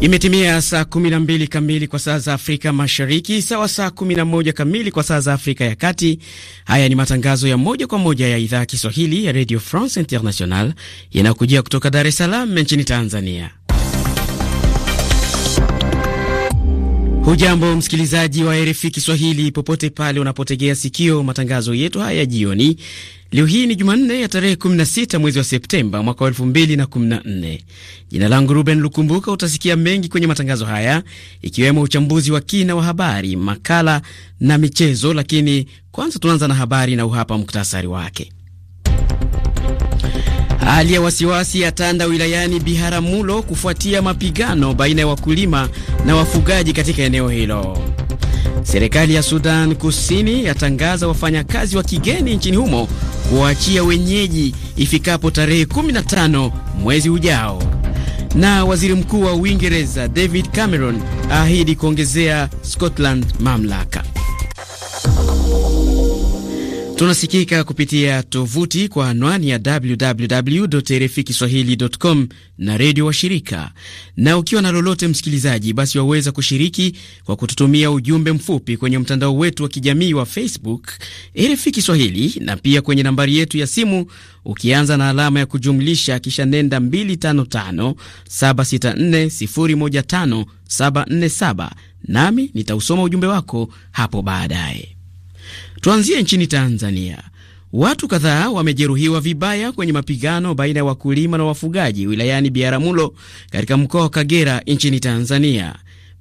Imetimia saa 12 kamili kwa saa za Afrika Mashariki, sawa saa 11 kamili kwa saa za Afrika ya Kati. Haya ni matangazo ya moja kwa moja ya idhaa ya Kiswahili ya Radio France International yanayokujia kutoka Dar es Salaam nchini Tanzania. Hujambo msikilizaji wa RFI Kiswahili popote pale unapotegea sikio matangazo yetu haya jioni, Leo hii ni Jumanne ya tarehe 16 mwezi wa Septemba mwaka wa 2014. Jina langu Ruben Lukumbuka. Utasikia mengi kwenye matangazo haya ikiwemo uchambuzi wa kina wa habari, makala na michezo, lakini kwanza tunaanza na habari na uhapa muktasari wake. Hali ya wasiwasi ya tanda wilayani Biharamulo kufuatia mapigano baina ya wakulima na wafugaji katika eneo hilo. Serikali ya Sudan Kusini yatangaza wafanyakazi wa kigeni nchini humo kuwaachia wenyeji ifikapo tarehe 15 mwezi ujao. Na waziri mkuu wa Uingereza David Cameron aahidi kuongezea Scotland mamlaka. Tunasikika kupitia tovuti kwa anwani ya kiswahili com na redio wa shirika. Na ukiwa na lolote, msikilizaji, basi waweza kushiriki kwa kututumia ujumbe mfupi kwenye mtandao wetu wa kijamii wa Facebook RFI Kiswahili, na pia kwenye nambari yetu ya simu ukianza na alama ya kujumlisha kisha nenda 255 764 nami nitausoma ujumbe wako hapo baadaye. Tuanzie nchini Tanzania. Watu kadhaa wamejeruhiwa vibaya kwenye mapigano baina ya wakulima na wafugaji wilayani Biaramulo katika mkoa wa Kagera nchini Tanzania.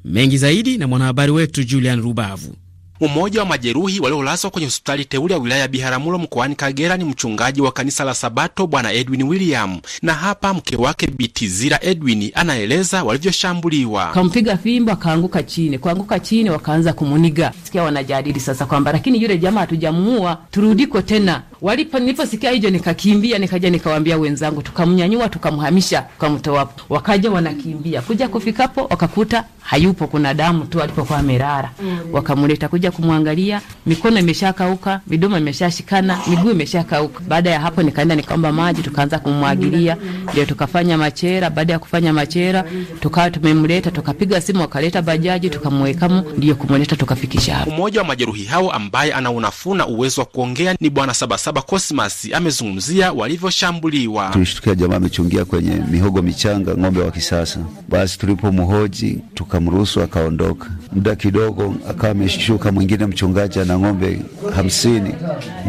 Mengi zaidi na mwanahabari wetu Julian Rubavu. Mmoja wa majeruhi waliolazwa kwenye hospitali teule ya wilaya ya Biharamulo mkoani Kagera ni mchungaji wa kanisa la Sabato Bwana Edwin William, na hapa mke wake Bitizira Edwin anaeleza walivyoshambuliwa. Kampiga fimbo akaanguka chini, kuanguka chini wakaanza kumuniga. Sikia wanajadili sasa kwamba lakini yule jamaa hatujamuua, turudiko tena. Walipo niliposikia hivyo nikakimbia, nikaja nikawaambia wenzangu, tukamnyanyua tukamhamisha, tukamtoa. Wakaja wanakimbia kuja kufikapo, wakakuta hayupo, kuna damu tu alipokuwa amerara, mm. wakamleta kuja Nilivyokuja kumwangalia mikono imeshakauka, midomo imeshashikana, miguu imeshakauka. Baada ya hapo, nikaenda nikaomba maji, tukaanza kumwagilia, ndio tukafanya machera. Baada ya kufanya machera, tukawa tumemleta, tukapiga simu, wakaleta bajaji, tukamwekamo, ndio kumleta tukafikisha hapo. Mmoja wa majeruhi hao ambaye ana unafuna uwezo wa kuongea ni bwana Sabasaba Cosmas, amezungumzia walivyoshambuliwa. Tulishtukia jamaa amechungia kwenye mihogo michanga, ng'ombe wa kisasa. Basi tulipomhoji tukamruhusu, akaondoka. Muda kidogo akawa ameshuka mwingine mchungaji ana ng'ombe hamsini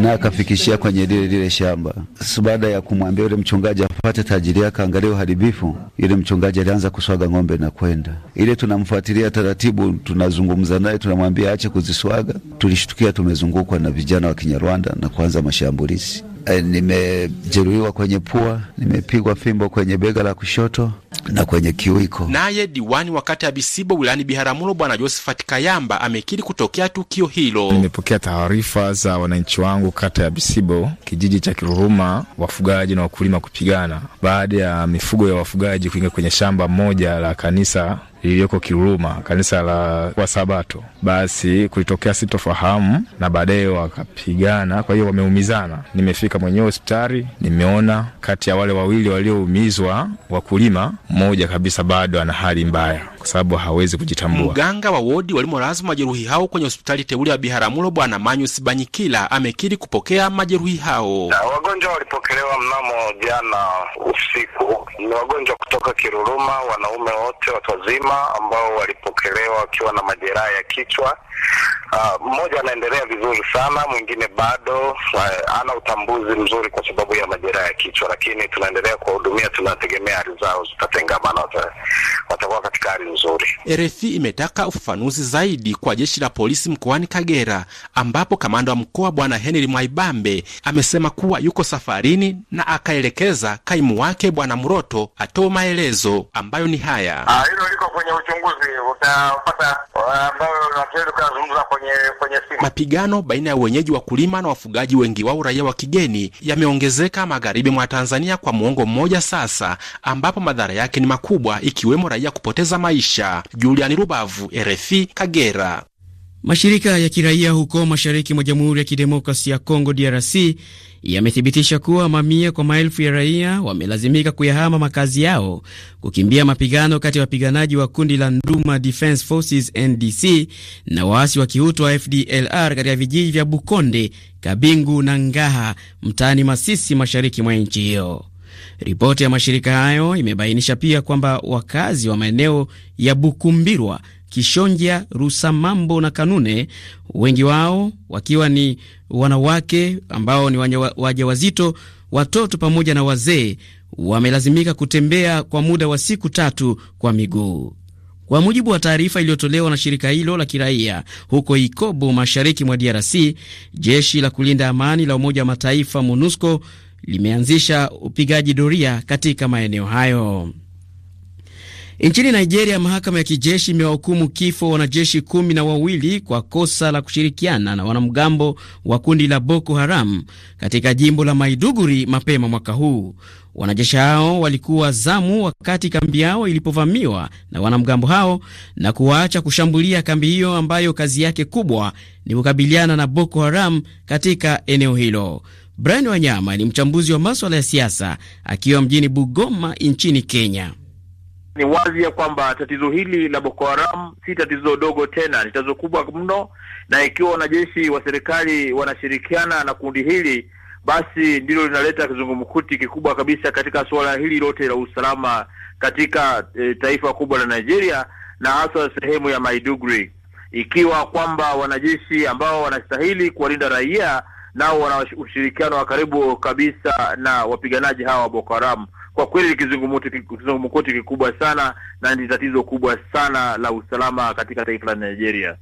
na akafikishia kwenye lile lile shamba. Sasa baada ya kumwambia yule mchungaji apate tajiri yake, angalia uharibifu, yule mchungaji alianza kuswaga ng'ombe na kwenda ile. Tunamfuatilia taratibu, tunazungumza naye, tunamwambia aache kuziswaga. Tulishtukia tumezungukwa na vijana wa Kinyarwanda na kuanza mashambulizi e, nimejeruhiwa kwenye pua, nimepigwa fimbo kwenye bega la kushoto na kwenye kiwiko. Naye diwani wa kata ya Bisibo wilayani Biharamulo Bwana Josephat Kayamba amekiri kutokea tukio hilo. Nimepokea taarifa za wananchi wangu kata ya Bisibo, kijiji cha Kiruhuma, wafugaji na wakulima kupigana baada ya mifugo ya wafugaji kuingia kwenye shamba moja la kanisa iliyoko Kiruma, kanisa la kwa sabato Basi kulitokea sitofahamu na baadaye wakapigana, kwa hiyo wameumizana. Nimefika mwenyewe hospitali, nimeona kati ya wale wawili walioumizwa wakulima, mmoja kabisa bado ana hali mbaya kwa sababu hawezi kujitambua. Mganga wa wodi walimo lazima majeruhi hao kwenye hospitali teule ya Biharamulo, Bwana manyus Banyikila amekiri kupokea majeruhi hao. Na wagonjwa walipokelewa mnamo jana usiku, ni wagonjwa kutoka Kiruruma, wanaume wote watu wazima ambao walipokelewa wakiwa na majeraha ya kichwa Ah, mmoja anaendelea vizuri sana, mwingine bado ana utambuzi mzuri kwa sababu ya majeraha ya kichwa, lakini tunaendelea kuwahudumia. Tunategemea hali zao zitatengamana, watakuwa katika hali nzuri. RFI imetaka ufafanuzi zaidi kwa jeshi la polisi mkoani Kagera, ambapo kamanda wa mkoa Bwana Henry Mwaibambe amesema kuwa yuko safarini na akaelekeza kaimu wake Bwana Mroto atoe maelezo ambayo ni haya. Ah, hilo liko kwenye uchunguzi utapata ah, ambayo tunazungumza kwenye kwenye simu. Mapigano baina ya wenyeji kulima na wafugaji wengi wao raia wa kigeni yameongezeka magharibi mwa Tanzania kwa muongo mmoja sasa, ambapo madhara yake ni makubwa, ikiwemo raia kupoteza maisha. Julian Rubavu, RFI, Kagera. Mashirika ya kiraia huko mashariki mwa Jamhuri ya kidemokrasi ya Kongo DRC yamethibitisha kuwa mamia kwa maelfu ya raia wamelazimika kuyahama makazi yao kukimbia mapigano kati ya wapiganaji wa kundi la Nduma Defence Forces NDC na waasi wa Kihutu wa FDLR katika vijiji vya Bukonde, Kabingu na Ngaha mtaani Masisi mashariki mwa nchi hiyo. Ripoti ya mashirika hayo imebainisha pia kwamba wakazi wa maeneo ya Bukumbirwa Kishonja Rusamambo na Kanune, wengi wao wakiwa ni wanawake ambao ni wajawazito, watoto pamoja na wazee, wamelazimika kutembea kwa muda wa siku tatu kwa miguu. Kwa mujibu wa taarifa iliyotolewa na shirika hilo la kiraia huko Ikobo, mashariki mwa DRC, jeshi la kulinda amani la Umoja wa Mataifa MONUSCO limeanzisha upigaji doria katika maeneo hayo. Nchini Nigeria, mahakama ya kijeshi imewahukumu kifo wanajeshi kumi na wawili kwa kosa la kushirikiana na wanamgambo wa kundi la Boko Haram katika jimbo la Maiduguri mapema mwaka huu. Wanajeshi hao walikuwa zamu wakati kambi yao ilipovamiwa na wanamgambo hao na kuwaacha kushambulia kambi hiyo ambayo kazi yake kubwa ni kukabiliana na Boko Haram katika eneo hilo. Brian Wanyama ni mchambuzi wa maswala ya siasa akiwa mjini Bugoma nchini Kenya. Ni wazi ya kwamba tatizo hili la Boko Haram si tatizo dogo tena, ni tatizo kubwa mno, na ikiwa wanajeshi wa serikali wanashirikiana na kundi hili, basi ndilo linaleta kizungumkuti kikubwa kabisa katika suala hili lote la usalama katika e, taifa kubwa la Nigeria na hasa sehemu ya Maiduguri, ikiwa kwamba wanajeshi ambao wanastahili kuwalinda raia nao wana ushirikiano wa karibu kabisa na wapiganaji hawa wa Boko Haram kwa kweli kizungumkuti kikubwa sana na ni tatizo kubwa sana la usalama katika taifa la Nigeria.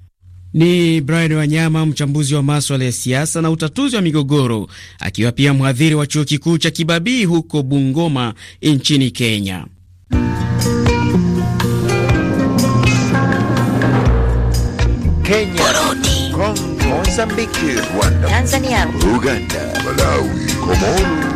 Ni Brian Wanyama, mchambuzi wa maswala ya siasa na utatuzi wa migogoro, akiwa pia mhadhiri wa chuo kikuu cha Kibabii huko Bungoma nchini Kenya. Kenya, Kongo, Mozambiki, Rwanda, Tanzania, Uganda, Malawi, Komoro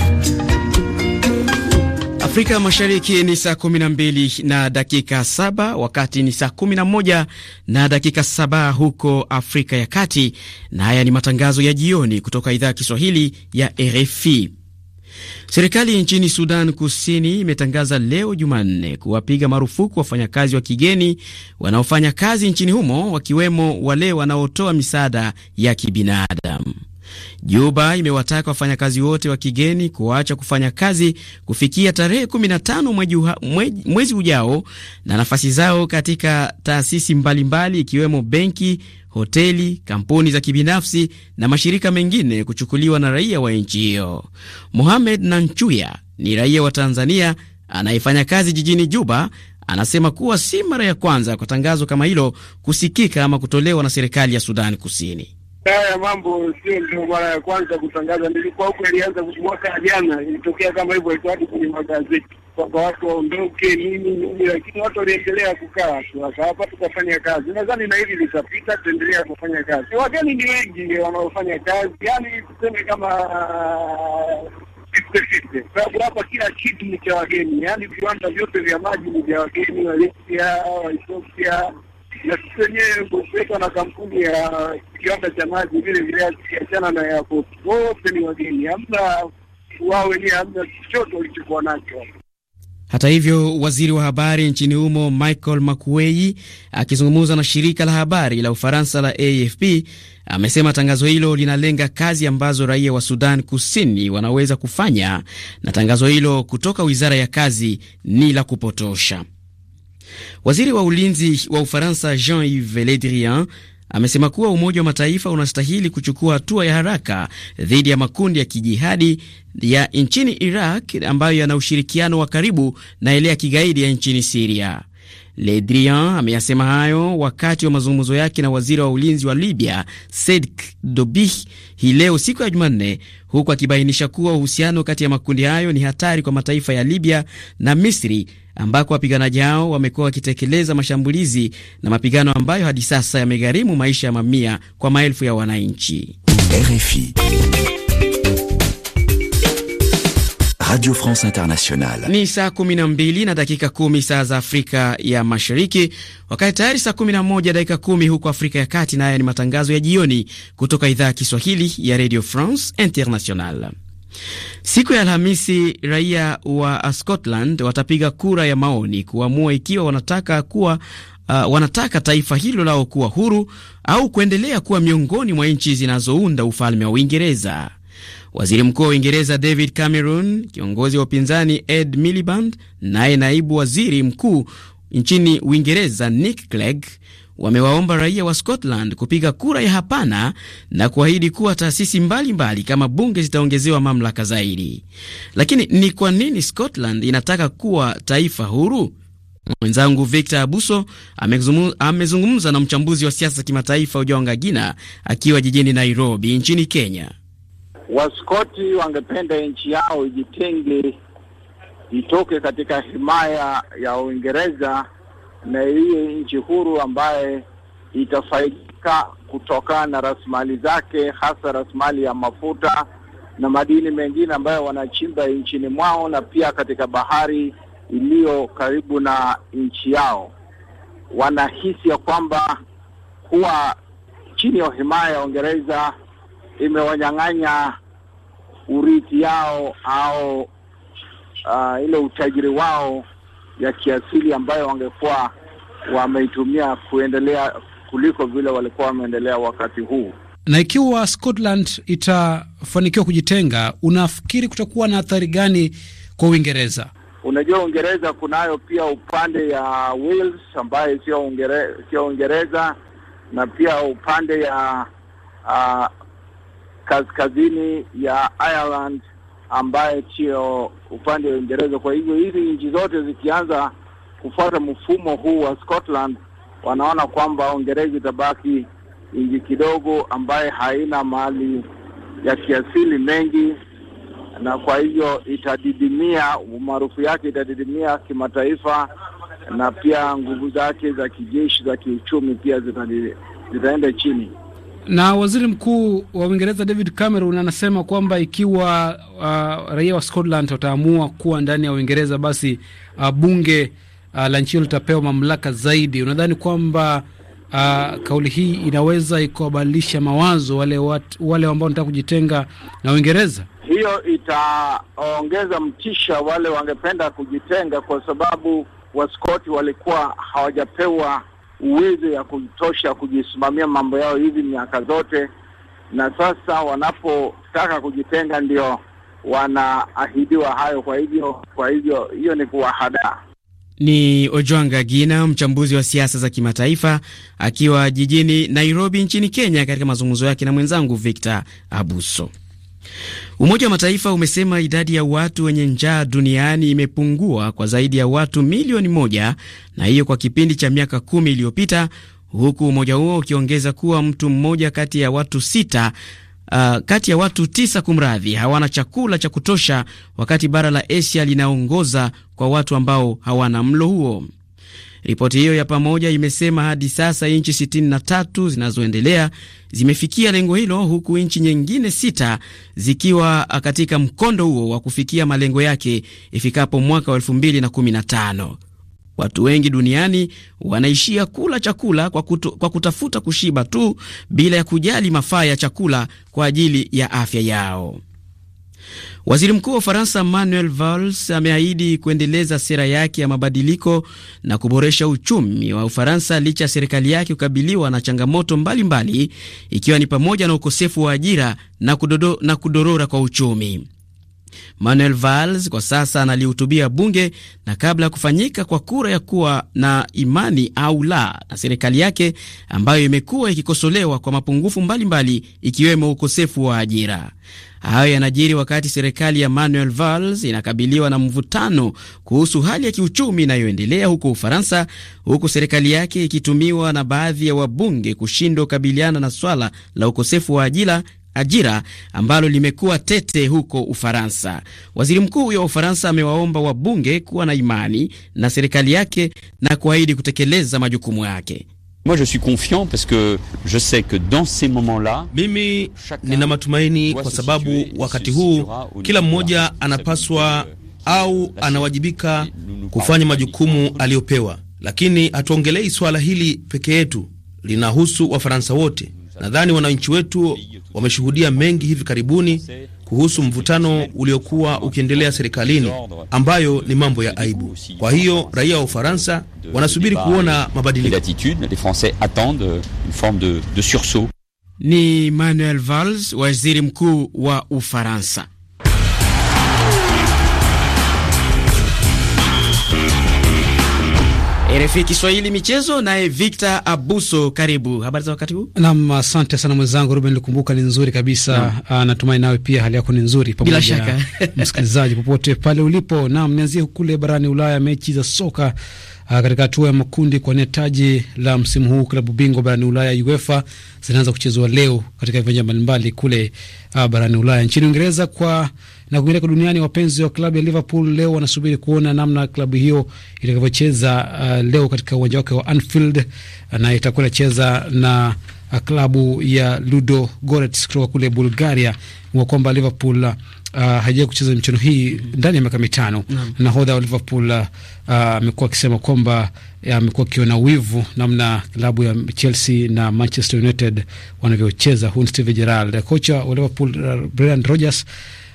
Afrika Mashariki ni saa kumi na na dakika saba, wakati ni saa 11 na dakika saba huko Afrika ya Kati, na haya ni matangazo ya jioni kutoka idhaa ya Kiswahili ya RFI. Serikali nchini Sudan Kusini imetangaza leo Jumanne kuwapiga marufuku wafanyakazi wa kigeni wanaofanya kazi nchini humo, wakiwemo wale wanaotoa misaada ya kibinadamu. Juba imewataka wafanyakazi wote wa kigeni kuacha kufanya kazi kufikia tarehe 15 mwezi, ujao na nafasi zao katika taasisi mbalimbali ikiwemo benki, hoteli, kampuni za kibinafsi na mashirika mengine kuchukuliwa na raia wa nchi hiyo. Mohamed Nanchuya ni raia wa Tanzania anayefanya kazi jijini Juba. Anasema kuwa si mara ya kwanza kwa tangazo kama hilo kusikika ama kutolewa na serikali ya Sudani Kusini. Haya mambo sio ndio mara ya kwanza kutangaza, nilikuwa huko, ilianza mwaka jana, ilitokea kama hivyo hadi kwenye magazeti kwamba watu waondoke nini nini, lakini watu waliendelea kukaa tu hapa, tukafanya kazi. Nadhani na hili litapita, tuendelea kufanya kazi. Wageni ni wengi wanaofanya kazi, yani tuseme kama uh, sababu hapa kila kitu ni cha wageni, yani viwanda vyote vya maji ni vya wageni, Malaysia, Ethiopia na sisi wenyewe kuweka na kampuni ya kiwanda cha maji vile vile, akiachana na yako wote ni wageni, hamna wao wenyewe, hamna chochote walichokuwa nacho. Hata hivyo, waziri wa habari nchini humo Michael Makuei akizungumza na shirika la habari la Ufaransa la AFP amesema tangazo hilo linalenga kazi ambazo raia wa Sudan Kusini wanaweza kufanya na tangazo hilo kutoka wizara ya kazi ni la kupotosha. Waziri wa ulinzi wa Ufaransa Jean-Yves Le Drian amesema kuwa Umoja wa Mataifa unastahili kuchukua hatua ya haraka dhidi ya makundi ya kijihadi ya nchini Iraq ambayo yana ushirikiano wa karibu na ile ya kigaidi ya nchini Siria. Le Drian ameyasema hayo wakati wa mazungumzo yake na waziri wa ulinzi wa Libya sedk Dobih hii leo siku ya Jumanne, huku akibainisha kuwa uhusiano kati ya makundi hayo ni hatari kwa mataifa ya Libya na Misri ambako wapiganaji hao wamekuwa wakitekeleza mashambulizi na mapigano ambayo hadi sasa yamegharimu maisha ya mamia kwa maelfu ya wananchi. RFI Radio France Internationale. Ni saa 12 na dakika 10 saa za Afrika ya Mashariki, wakati tayari saa 11 dakika 10 huko Afrika ya Kati, na haya ni matangazo ya jioni kutoka idhaa ya Kiswahili ya Radio France Internationale. Siku ya Alhamisi, raia wa Scotland watapiga kura ya maoni kuamua ikiwa wanataka kuwa Uh, wanataka taifa hilo lao kuwa huru au kuendelea kuwa miongoni mwa nchi zinazounda ufalme wa Uingereza. Waziri Mkuu wa Uingereza David Cameron, kiongozi wa upinzani Ed Miliband, naye naibu waziri mkuu nchini Uingereza Nick Clegg wamewaomba raia wa Scotland kupiga kura ya hapana na kuahidi kuwa taasisi mbalimbali mbali kama bunge zitaongezewa mamlaka zaidi. Lakini ni kwa nini Scotland inataka kuwa taifa huru? Mwenzangu Victor Abuso amezungumza na mchambuzi wa siasa za kimataifa Ujonga Gina akiwa jijini Nairobi nchini Kenya. Waskoti wangependa nchi yao ijitenge, itoke katika himaya ya Uingereza na iwe nchi huru ambaye itafaidika kutokana na rasilimali zake, hasa rasilimali ya mafuta na madini mengine ambayo wanachimba nchini mwao na pia katika bahari iliyo karibu na nchi yao. Wanahisi ya kwamba kuwa chini ya himaya ya Uingereza imewanyang'anya urithi yao au uh, ile utajiri wao ya kiasili ambayo wangekuwa wameitumia kuendelea kuliko vile walikuwa wameendelea wakati huu. Na ikiwa Scotland itafanikiwa kujitenga, unafikiri kutakuwa na athari gani kwa Uingereza? Unajua, Uingereza kunayo pia upande ya Wales ambaye sio Uingereza, sio Uingereza na pia upande ya uh, kaskazini ya Ireland ambaye sio upande wa Uingereza. Kwa hivyo hizi nchi zote zikianza kufuata mfumo huu wa Scotland, wanaona kwamba Uingereza itabaki nchi kidogo ambaye haina mali ya kiasili mengi, na kwa hivyo itadidimia, umaarufu yake itadidimia kimataifa, na pia nguvu zake za kijeshi, za kiuchumi pia zitaenda chini. Na waziri mkuu wa Uingereza David Cameron anasema kwamba ikiwa uh, raia wa Scotland wataamua kuwa ndani ya Uingereza, basi uh, bunge uh, la nchi hilo litapewa mamlaka zaidi. Unadhani kwamba uh, kauli hii inaweza ikawabadilisha mawazo wale watu, wale ambao wanataka kujitenga na Uingereza? Hiyo itaongeza mtisha wale wangependa kujitenga, kwa sababu Waskoti walikuwa hawajapewa uwezo ya kutosha kujisimamia mambo yao hivi miaka zote, na sasa wanapotaka kujitenga ndio wanaahidiwa hayo. Kwa hivyo kwa hivyo hiyo ni kuwahadaa. Ni Ojwanga Gina, mchambuzi wa siasa za kimataifa akiwa jijini Nairobi nchini Kenya, katika mazungumzo yake na mwenzangu Victor Abuso. Umoja wa Mataifa umesema idadi ya watu wenye njaa duniani imepungua kwa zaidi ya watu milioni moja na hiyo kwa kipindi cha miaka kumi iliyopita, huku umoja huo ukiongeza kuwa mtu mmoja kati ya watu sita Uh, kati ya watu tisa kumradhi, hawana chakula cha kutosha, wakati bara la Asia linaongoza kwa watu ambao hawana mlo huo. Ripoti hiyo ya pamoja imesema hadi sasa nchi 63 zinazoendelea zimefikia lengo hilo, huku nchi nyingine sita zikiwa katika mkondo huo wa kufikia malengo yake ifikapo mwaka wa 2015. Watu wengi duniani wanaishia kula chakula kwa, kutu, kwa kutafuta kushiba tu bila ya kujali mafaa ya chakula kwa ajili ya afya yao. Waziri Mkuu wa Ufaransa Manuel Valls ameahidi kuendeleza sera yake ya mabadiliko na kuboresha uchumi wa Ufaransa licha ya serikali yake kukabiliwa na changamoto mbalimbali mbali, ikiwa ni pamoja na ukosefu wa ajira na, kudodo, na kudorora kwa uchumi. Manuel Valls kwa sasa analihutubia bunge na kabla ya kufanyika kwa kura ya kuwa na imani au la na serikali yake ambayo imekuwa ikikosolewa kwa mapungufu mbalimbali mbali, ikiwemo ukosefu wa ajira. Hayo yanajiri wakati serikali ya Manuel Valls inakabiliwa na mvutano kuhusu hali ya kiuchumi inayoendelea huko Ufaransa, huku serikali yake ikitumiwa na baadhi ya wabunge kushindwa kukabiliana na swala la ukosefu wa ajira ajira ambalo limekuwa tete huko Ufaransa. Waziri mkuu huyo wa Ufaransa amewaomba wabunge kuwa na imani na serikali yake na kuahidi kutekeleza majukumu yake. Moi je suis confiant parce que je sais que dans ces moments-là, mimi nina matumaini kwa sababu wakati huu kila mmoja anapaswa au anawajibika kufanya majukumu aliyopewa, lakini hatuongelei swala hili peke yetu, linahusu Wafaransa wote. Nadhani wananchi wetu wameshuhudia mengi hivi karibuni kuhusu mvutano uliokuwa ukiendelea serikalini, ambayo ni mambo ya aibu. Kwa hiyo raia wa Ufaransa wanasubiri kuona mabadiliko. Ni Manuel Valls, waziri mkuu wa Ufaransa. RFI Kiswahili michezo, naye Victor Abuso, karibu. Habari za wakati huu? Naam, asante sana mwenzangu Ruben Likumbuka, ni nzuri kabisa na. Ah, Natumai nawe pia hali yako ni nzuri, pamoja bila shaka msikilizaji popote pale ulipo. Naam, nianzie kule barani Ulaya, mechi za soka ah, katika hatua ya makundi nia taji la msimu huu klabu bingwa barani Ulaya UEFA zinaanza kuchezwa leo katika viwanja mbalimbali kule ah, barani Ulaya. Nchini Uingereza kwa na kwingineko duniani, wapenzi wa klabu ya Liverpool leo wanasubiri kuona namna klabu hiyo itakavyocheza uh, leo katika uwanja wake wa Anfield uh, na itakuwa inacheza na uh, klabu ya Ludo Goretz kutoka kule Bulgaria wa kwamba Liverpool uh, hajawahi kucheza michuano hii ndani ya miaka mitano. Nahodha wa Liverpool uh, uh, amekuwa uh, akisema kwamba uh, amekuwa akiona wivu namna klabu ya Chelsea na Manchester United wanavyocheza. Huyu Steven Gerrard, kocha wa Liverpool uh, Brendan Rodgers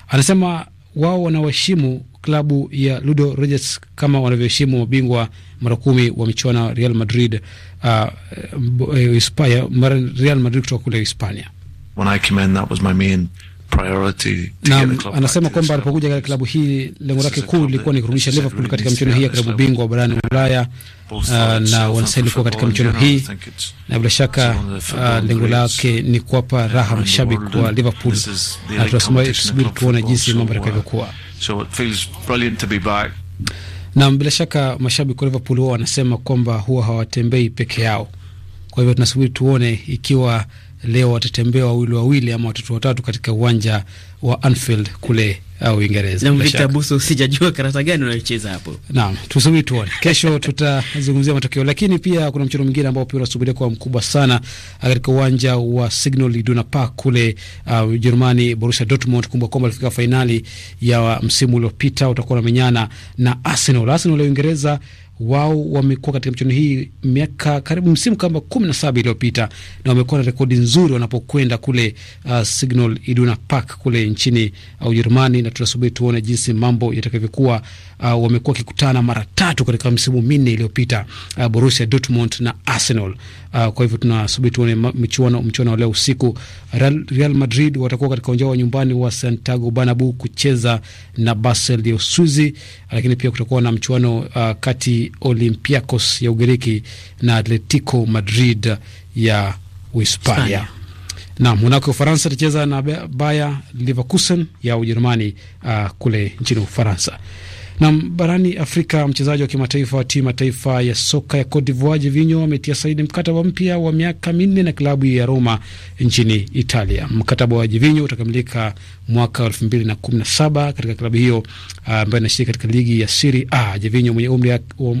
Anasema wao wanawaheshimu klabu ya Ludo Rogers kama wanavyoheshimu mabingwa mara kumi wa michuano Real Madrid uh, eh, eh, Hispania, Real Madrid kutoka kule Hispania. When I came in, that was my main priority anasema kwamba alipokuja katika klabu hii lengo lake kuu lilikuwa ni kurudisha Liverpool katika michuano hii ya klabu bingwa wa barani Ulaya, uh, na wanastahili kuwa katika michuano hii, na bila shaka uh, lengo lake ni kuwapa raha mashabiki wa Liverpool, na tunasubiri tuone jinsi mambo uh, yatakavyokuwa. Na bila shaka mashabiki wa Liverpool wao wanasema kwamba huwa hawatembei peke yao, kwa hivyo tunasubiri tuone ikiwa leo watatembea wawili wawili ama watatu watatu katika uwanja wa Anfield kule uh, Uingereza. Sijajua karata gani unayocheza hapo. Naam, tusubiri tuone. Kesho tutazungumzia matokeo, lakini pia kuna mchezo mwingine ambao pia unasubiria kuwa mkubwa sana uh, katika uwanja wa Signal Iduna Park kule uh, Ujerumani. Uh, Borussia Dortmund, kumbuka kwamba alifika fainali ya msimu uliopita, utakuwa unamenyana na Arsenal. Arsenal ya Uingereza wao wamekuwa katika michuano hii miaka karibu msimu kama kumi na saba iliyopita na wamekuwa na rekodi nzuri wanapokwenda kule uh, Signal Iduna Park kule nchini uh, Ujerumani, uh, na tunasubiri tuone jinsi mambo yatakavyokuwa. Uh, wamekuwa wakikutana mara tatu katika msimu minne iliyopita, uh, Borussia Dortmund na Arsenal. Uh, kwa hivyo tunasubiri tuone michuano mchuano wa leo usiku. Real, Real Madrid watakuwa katika uwanja wa nyumbani wa Santiago Bernabeu kucheza na Basel ya Uswizi, lakini pia kutakuwa na mchuano uh, kati Olympiacos ya Ugiriki na Atletico Madrid ya Uhispania. nam Monaco ya Ufaransa itacheza na Bayer Leverkusen ya Ujerumani uh, kule nchini Ufaransa. Na barani Afrika, mchezaji wa kimataifa wa timu ya taifa ya soka ya Cote d'Ivoire Jivinyo ametia saini mkataba mpya wa miaka minne na klabu ya Roma nchini Italia. Mkataba wa Jivinyo utakamilika mwaka elfu mbili na kumi na saba katika klabu hiyo ah, ambayo uh, inashiriki katika ligi ya Serie A. Jivinyo mwenye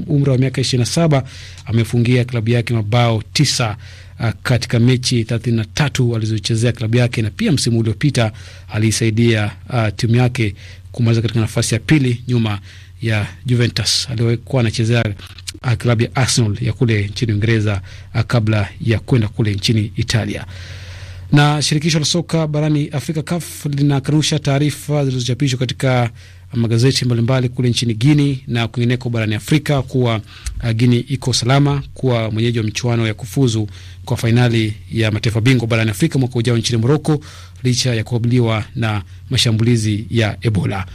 umri wa miaka ishirini na saba amefungia klabu yake mabao tisa Uh, katika mechi 33 alizochezea klabu yake, na pia msimu uliopita aliisaidia uh, timu yake kumaliza katika nafasi ya pili nyuma ya Juventus aliyokuwa anachezea uh, klabu ya Arsenal ya kule nchini Uingereza uh, kabla ya kwenda kule nchini Italia. Na shirikisho la soka barani Afrika CAF linakanusha taarifa zilizochapishwa katika magazeti mbalimbali kule nchini Guini na kwingineko barani Afrika kuwa uh, Guini iko salama kuwa mwenyeji wa michuano ya kufuzu kwa fainali ya mataifa bingwa barani Afrika mwaka ujao nchini Moroko licha ya kukabiliwa na mashambulizi ya Ebola.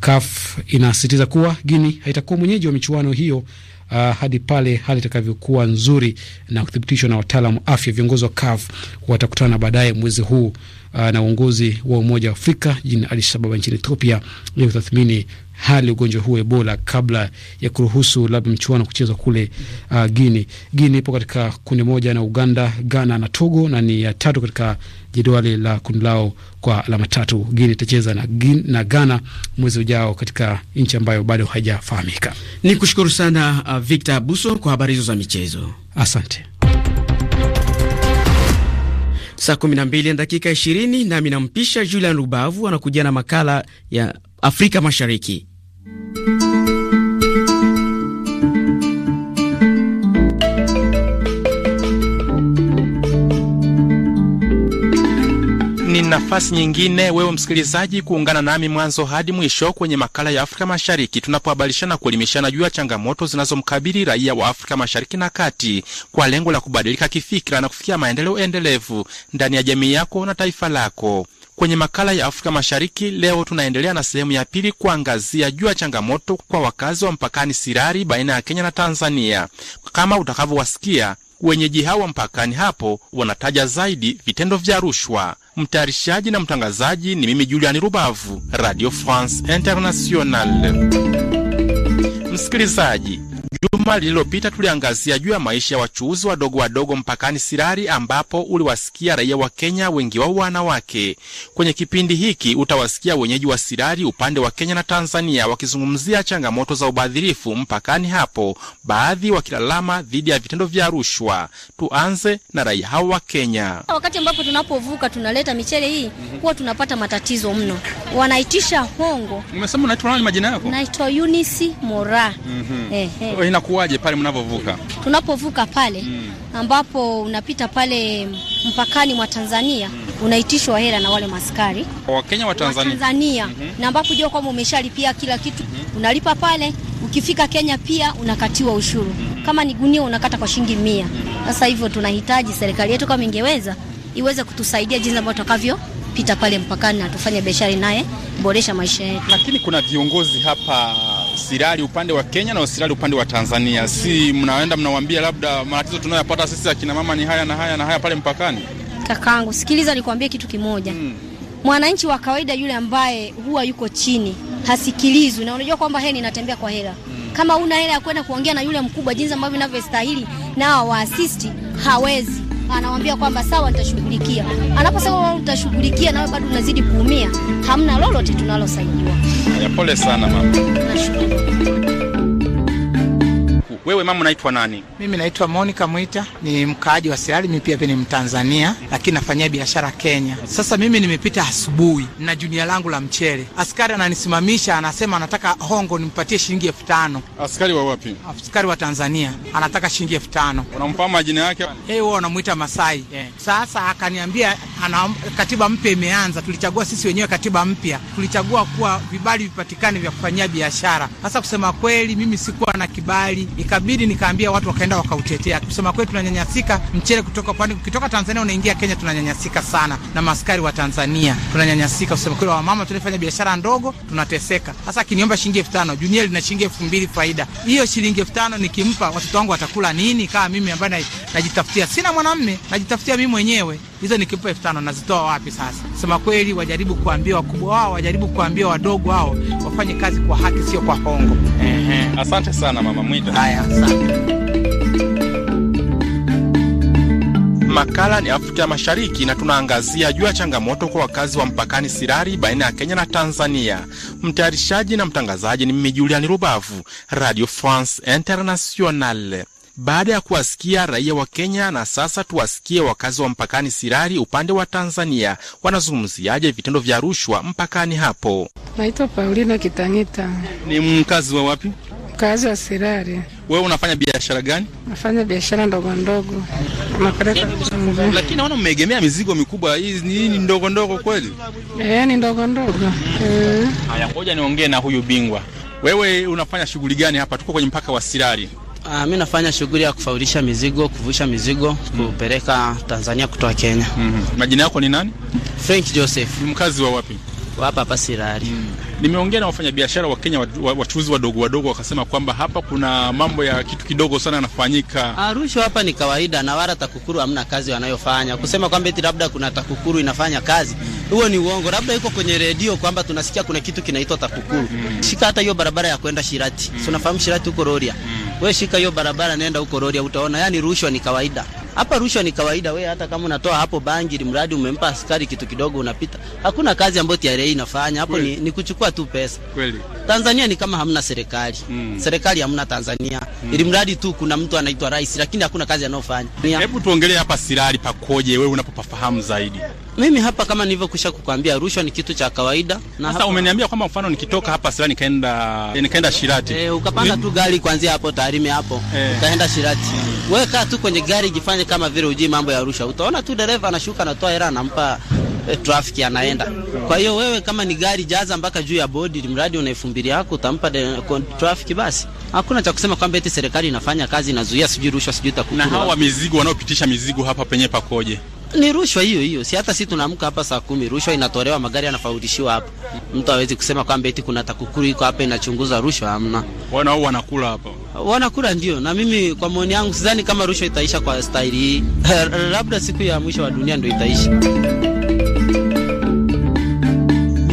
CAF inasisitiza kuwa Guini haitakuwa mwenyeji wa michuano hiyo uh, hadi pale hali itakavyokuwa nzuri na kuthibitishwa na wataalamu afya. Viongozi wa CAF watakutana baadaye mwezi huu uh, na uongozi wa Umoja wa Afrika jijini Addis Ababa nchini Ethiopia ili kutathmini hali ugonjwa huu Ebola kabla ya kuruhusu labda mchuano kuchezwa kule uh, Guinea. Guinea ipo katika kundi moja na Uganda, Ghana na Togo na ni ya tatu katika jedwali la kundi lao kwa alama tatu. Guinea itacheza na, na Ghana mwezi ujao katika nchi ambayo bado haijafahamika. Ni kushukuru sana uh, Victor Abuso kwa habari hizo za michezo, asante. Saa kumi na mbili na dakika ishirini nami nampisha Julian Rubavu anakuja na makala ya Afrika Mashariki. Ni nafasi nyingine wewe msikilizaji kuungana nami mwanzo hadi mwisho kwenye makala ya Afrika Mashariki tunapohabarishana kuelimishana juu ya changamoto zinazomkabili raia wa Afrika Mashariki na Kati kwa lengo la kubadilika kifikira na kufikia maendeleo endelevu ndani ya jamii yako na taifa lako. Kwenye makala ya Afrika Mashariki leo tunaendelea na sehemu ya pili kuangazia juu ya changamoto kwa wakazi wa mpakani Sirari baina ya Kenya na Tanzania. Kama utakavyowasikia wenyeji hao wa mpakani hapo wanataja zaidi vitendo vya rushwa. Mtayarishaji na mtangazaji ni mimi Juliani Rubavu, Radio France international Msikilizaji, Juma lililopita tuliangazia juu ya maisha ya wachuuzi wadogo wadogo mpakani Sirari, ambapo uliwasikia raia wa Kenya, wengi wao wanawake. Kwenye kipindi hiki utawasikia wenyeji wa Sirari upande wa Kenya na Tanzania wakizungumzia changamoto za ubadhirifu mpakani hapo, baadhi wakilalama dhidi ya vitendo vya rushwa. Tuanze na raia hao wa Kenya. Wakati ambapo tunapovuka tunaleta michele hii, huwa tunapata matatizo mno, wanaitisha hongo. Umesema unaitwa nani majina yako? Naitwa Mora. mm -hmm. eh, eh. Eh, inakuwaje pale mnavyovuka? Tunapovuka pale mm. ambapo unapita pale mpakani mwa Tanzania mm. unaitishwa hela na wale maskari Wakenya wa Tanzania, wa Tanzania. Mm -hmm. na ambapo jua kwamba umeshalipia kila kitu mm -hmm. unalipa pale, ukifika Kenya pia unakatiwa ushuru mm -hmm. kama ni gunia unakata kwa shilingi mia. Mhm. Sasa hivyo tunahitaji serikali yetu kama ingeweza iweze kutusaidia jinsi ambavyo pita pale mpakani na tufanye biashara naye boresha maisha yetu. Lakini kuna viongozi hapa sirari upande wa Kenya na sirari upande wa Tanzania. Si mnaenda mnawaambia labda matatizo tunayopata sisi akina mama ni haya na haya na haya pale mpakani? Kakangu, sikiliza nikwambie kitu kimoja hmm. Mwananchi wa kawaida yule ambaye huwa yuko chini hasikilizwi, na unajua kwamba heni inatembea kwa hela hmm. Kama una hela ya kwenda kuongea na yule mkubwa jinsi ambavyo inavyostahili na waasisti hawezi anamwambia kwamba sawa, nitashughulikia. Anaposema wewe utashughulikia, nawe bado unazidi kuumia, hamna lolote tunalosaidiwa. Pole sana mama. Nashukuru. Wewe mama unaitwa nani? Mimi naitwa Monica Mwita, ni mkaaji wa Siali, mimi pia ni Mtanzania, lakini nafanyia biashara Kenya. Sasa mimi nimepita asubuhi na junia langu la mchele, askari ananisimamisha, anasema anataka hongo, nimpatie shilingi elfu tano. Askari wa wapi? Askari wa Tanzania, anataka shilingi elfu tano. Unamfahamu majina yake? Eh, wao wanamuita Masai. Yeah. Sasa akaniambia ana katiba mpya imeanza, tulichagua sisi wenyewe katiba mpya, tulichagua kuwa vibali vipatikane vya kufanyia biashara. Sasa kusema kweli, mimi sikuwa na kibali ikabidi nikaambia watu wakaenda wakautetea. Kusema kweli, tunanyanyasika mchele kutoka pwani, ukitoka Tanzania unaingia Kenya, tunanyanyasika sana na maskari wa Tanzania, tunanyanyasika kusema kweli. Wamama tunafanya biashara ndogo, tunateseka. Sasa akiniomba shilingi elfu tano junior lina shilingi elfu mbili faida hiyo shilingi elfu tano nikimpa watoto wangu watakula nini? Kama mimi ambaye najitafutia, sina mwanamme, najitafutia mimi mwenyewe hizo nikipa elfu tano nazitoa wapi sasa? Sema kweli, wajaribu kuambia wakubwa wao, wajaribu kuambia wadogo wao wafanye kazi kwa haki, sio kwa hongo. Ehe, asante sana mama Mwita. Haya, asante. Makala ni Afrika Mashariki na tunaangazia juu ya changamoto kwa wakazi wa mpakani Sirari baina ya Kenya na Tanzania. Mtayarishaji na mtangazaji ni mimi Juliani Rubavu, Radio France Internationale baada ya kuwasikia raia wa Kenya, na sasa tuwasikie wakazi wa mpakani Sirari upande wa Tanzania wanazungumziaje vitendo vya rushwa mpakani hapo. Naitwa Paulina Kitangita, ni mkazi wa wapi? Mkazi wa Sirari. Wewe unafanya biashara gani? Nafanya biashara ndogo ndogo, napeleka. Lakini naona mmeegemea mizigo mikubwa. Hii ni ndogo ndogo kweli? Eh, ni ndogo ndogo. Eh. Haya, ngoja niongee na huyu bingwa. Wewe unafanya shughuli gani hapa? Tuko kwenye mpaka wa Sirari. Uh, mi nafanya shughuli ya kufaulisha mizigo, kuvusha mizigo, kupeleka Tanzania kutoa Kenya. Mm -hmm. Majina yako ni nani? Frank Joseph. Ni mkazi wa wapi? Hapa hapa Sirari. Mm. Nimeongea na wafanyabiashara wa Kenya, wachuuzi wadogo wadogo, wakasema kwamba hapa kuna mambo ya kitu kidogo sana yanafanyika. Arusha ah, hapa ni kawaida, na wala TAKUKURU hamna kazi wanayofanya. Kusema kwamba eti labda kuna TAKUKURU inafanya kazi, huo ni uongo. Labda iko kwenye redio kwamba tunasikia kuna kitu kinaitwa TAKUKURU. Mm. Shika hata hiyo barabara ya kwenda Shirati, si mm. unafahamu Shirati huko Roria? Mm. Wewe shika hiyo barabara, nenda huko Roria, utaona yani rushwa ni kawaida. Hapa rushwa ni kawaida, we hata kama unatoa hapo bangi, mradi umempa askari kitu kidogo, unapita. Hakuna kazi ambayo TRA inafanya hapo, ni, ni kuchukua tu pesa. Kweli Tanzania ni kama hamna serikali mm. serikali hamna Tanzania mm. ili mradi tu kuna mtu anaitwa rais, lakini hakuna kazi anayofanya. Hebu tuongelee hapa silari pakoje, wewe unapopafahamu zaidi? Mimi hapa kama nilivyokwisha kukwambia, rushwa ni kitu cha kawaida. Na sasa umeniambia kwamba mfano nikitoka hapa sasa nikaenda nikaenda Shirati. Eh, ukapanda tu gari kuanzia hapo Tarime hapo, e, ukaenda Shirati. Mm. Wewe kaa tu kwenye gari jifanye kama vile ujui mambo ya rushwa. Utaona tu dereva anashuka anatoa hela anampa eh, trafiki anaenda. Kwa hiyo wewe kama ni gari jaza mpaka juu ya bodi, mradi una elfu mbili yako utampa trafiki basi. Hakuna cha kusema kwamba eti serikali inafanya kazi inazuia sijui rushwa sijui takukuru. Na hawa mizigo wanaopitisha mizigo hapa penye pakoje? Ni rushwa hiyo hiyo, si hata si tunaamka hapa saa kumi, rushwa inatolewa, magari yanafaudishiwa hapa. Mtu hawezi kusema kwamba eti kuna TAKUKURU iko hapa inachunguza rushwa, hamna. Wana wao wanakula hapa, wanakula ndio. Na mimi kwa maoni yangu sidhani kama rushwa itaisha kwa staili hii labda siku ya mwisho wa dunia ndio itaisha.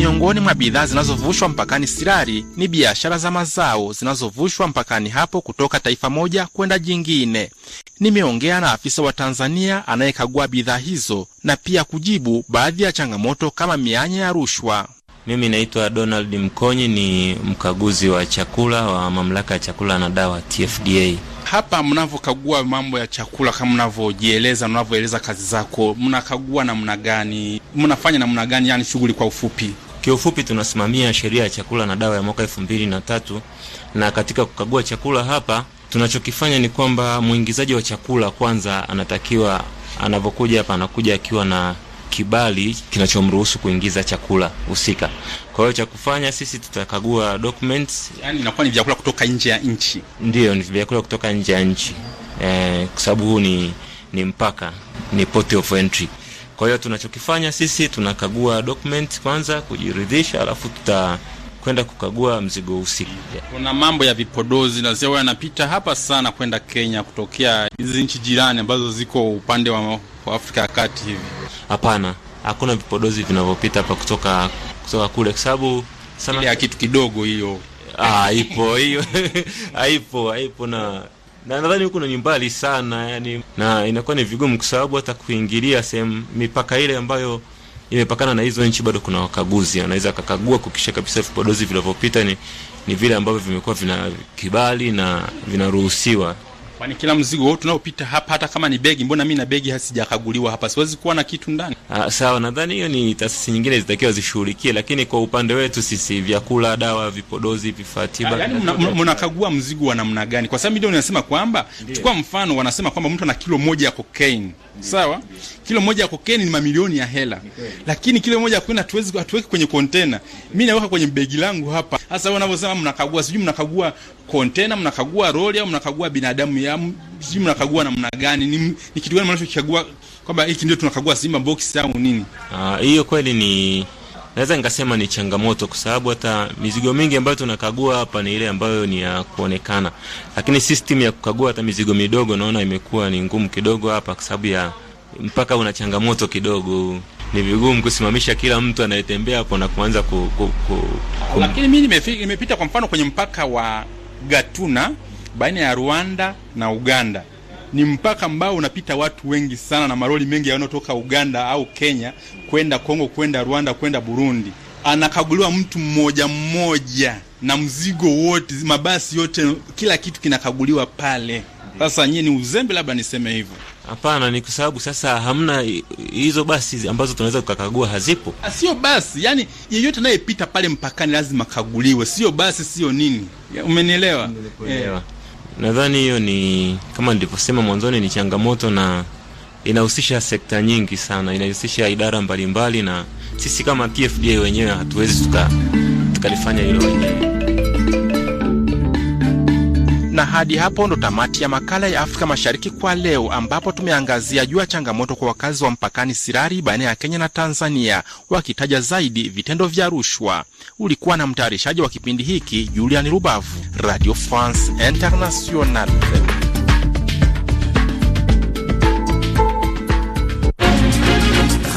Miongoni mwa bidhaa zinazovushwa mpakani Sirari ni biashara za mazao zinazovushwa mpakani hapo kutoka taifa moja kwenda jingine. Nimeongea na afisa wa Tanzania anayekagua bidhaa hizo na pia kujibu baadhi ya changamoto kama mianya ya rushwa. Mimi naitwa Donald Mkonyi, ni mkaguzi wa chakula wa mamlaka ya chakula na dawa TFDA. Hapa mnavyokagua mambo ya chakula, kama mnavyojieleza, mnavyoeleza kazi zako, mnakagua namna gani? Mnafanya namna gani, yani shughuli kwa ufupi? Kiufupi, tunasimamia sheria ya chakula na dawa ya mwaka elfu mbili na tatu na katika kukagua chakula hapa tunachokifanya ni kwamba mwingizaji wa chakula kwanza anatakiwa anavyokuja hapa, anakuja akiwa na kibali kinachomruhusu kuingiza chakula husika. Kwa hiyo cha kufanya sisi tutakagua documents, yani inakuwa ni vyakula kutoka nje ya nchi, ndio ni vyakula kutoka nje ya nchi eh, kwa sababu huu ni, ni mpaka ni port of entry. Kwa hiyo tunachokifanya sisi tunakagua document kwanza kujiridhisha, alafu tuta kwenda kukagua mzigo husika. Kuna mambo ya vipodozi lazima yanapita hapa sana kwenda Kenya kutokea hizi nchi jirani ambazo ziko upande wa Afrika ya Kati hivi. Hapana, hakuna vipodozi vinavyopita hapa kutoka kutoka kule kwa sababu sana ya kitu kidogo hiyo. Ah, ipo hiyo. Haipo, haipo na na nadhani huku ni mbali sana yani, na inakuwa ni vigumu kwa sababu hata kuingilia sehemu mipaka ile ambayo imepakana na hizo nchi bado kuna wakaguzi, anaweza akakagua kukisha kabisa vipodozi vinavyopita ni, ni vile ambavyo vimekuwa vina kibali na vinaruhusiwa. Kwani kila mzigo tunaopita hapa, hata kama ni begi, mbona mimi na begi hasijakaguliwa hapa, siwezi kuwa na kitu ndani? Ah, sawa, nadhani hiyo ni taasisi nyingine zitakiwa zishughulikie, lakini kwa upande wetu sisi, vyakula, dawa, vipodozi, vifaa tiba, ah, yaani mnakagua mzigo wa namna gani? Kwa sababu ndio nasema kwamba, chukua mfano, wanasema kwamba mtu ana kilo moja ya cocaine Sawa, kilo moja ya kokeni ni mamilioni ya hela, lakini kilo moja ya kokeni hatuwezi hatuweki kwenye kontena. Mimi naweka kwenye begi langu hapa. Sasa wanavyosema mnakagua, sijui mnakagua kontena, mnakagua roli au mnakagua binadamu ya sijui mnakagua namna gani? Ni, ni kitu gani mnachokikagua kwamba hiki ndio tunakagua simba box au nini? Ah, hiyo kweli ni naweza nikasema ni changamoto, kwa sababu hata mizigo mingi ambayo tunakagua hapa ni ile ambayo ni ya kuonekana, lakini system ya kukagua hata mizigo midogo naona imekuwa ni ngumu kidogo hapa, kwa sababu ya mpaka una changamoto kidogo ni vigumu kusimamisha kila mtu anayetembea hapo na kuanza ku, ku, ku, ku... Lakini mimi nimepita kwa mfano kwenye mpaka wa Gatuna baina ya Rwanda na Uganda. Ni mpaka ambao unapita watu wengi sana na maroli mengi yanayotoka Uganda au Kenya kwenda Kongo, kwenda Rwanda, kwenda Burundi. Anakaguliwa mtu mmoja mmoja na mzigo wote, mabasi yote, kila kitu kinakaguliwa pale. Sasa nyie ni uzembe, labda niseme hivyo? Hapana, ni kwa sababu sasa hamna hizo basi ambazo tunaweza tukakagua, hazipo. Ah, sio basi, yani yeyote anayepita pale mpakani lazima kaguliwe, sio basi, sio nini, umenielewa? Yeah. Nadhani hiyo ni kama nilivyosema mwanzoni, ni changamoto na inahusisha sekta nyingi sana, inahusisha idara mbalimbali mbali, na sisi kama TFDA wenyewe hatuwezi tukalifanya tuka hilo wenyewe. Na hadi hapo ndo tamati ya makala ya Afrika Mashariki kwa leo, ambapo tumeangazia juu ya changamoto kwa wakazi wa mpakani Sirari baina ya Kenya na Tanzania, wakitaja zaidi vitendo vya rushwa. Ulikuwa na mtayarishaji wa kipindi hiki Julian Rubavu, Radio France International.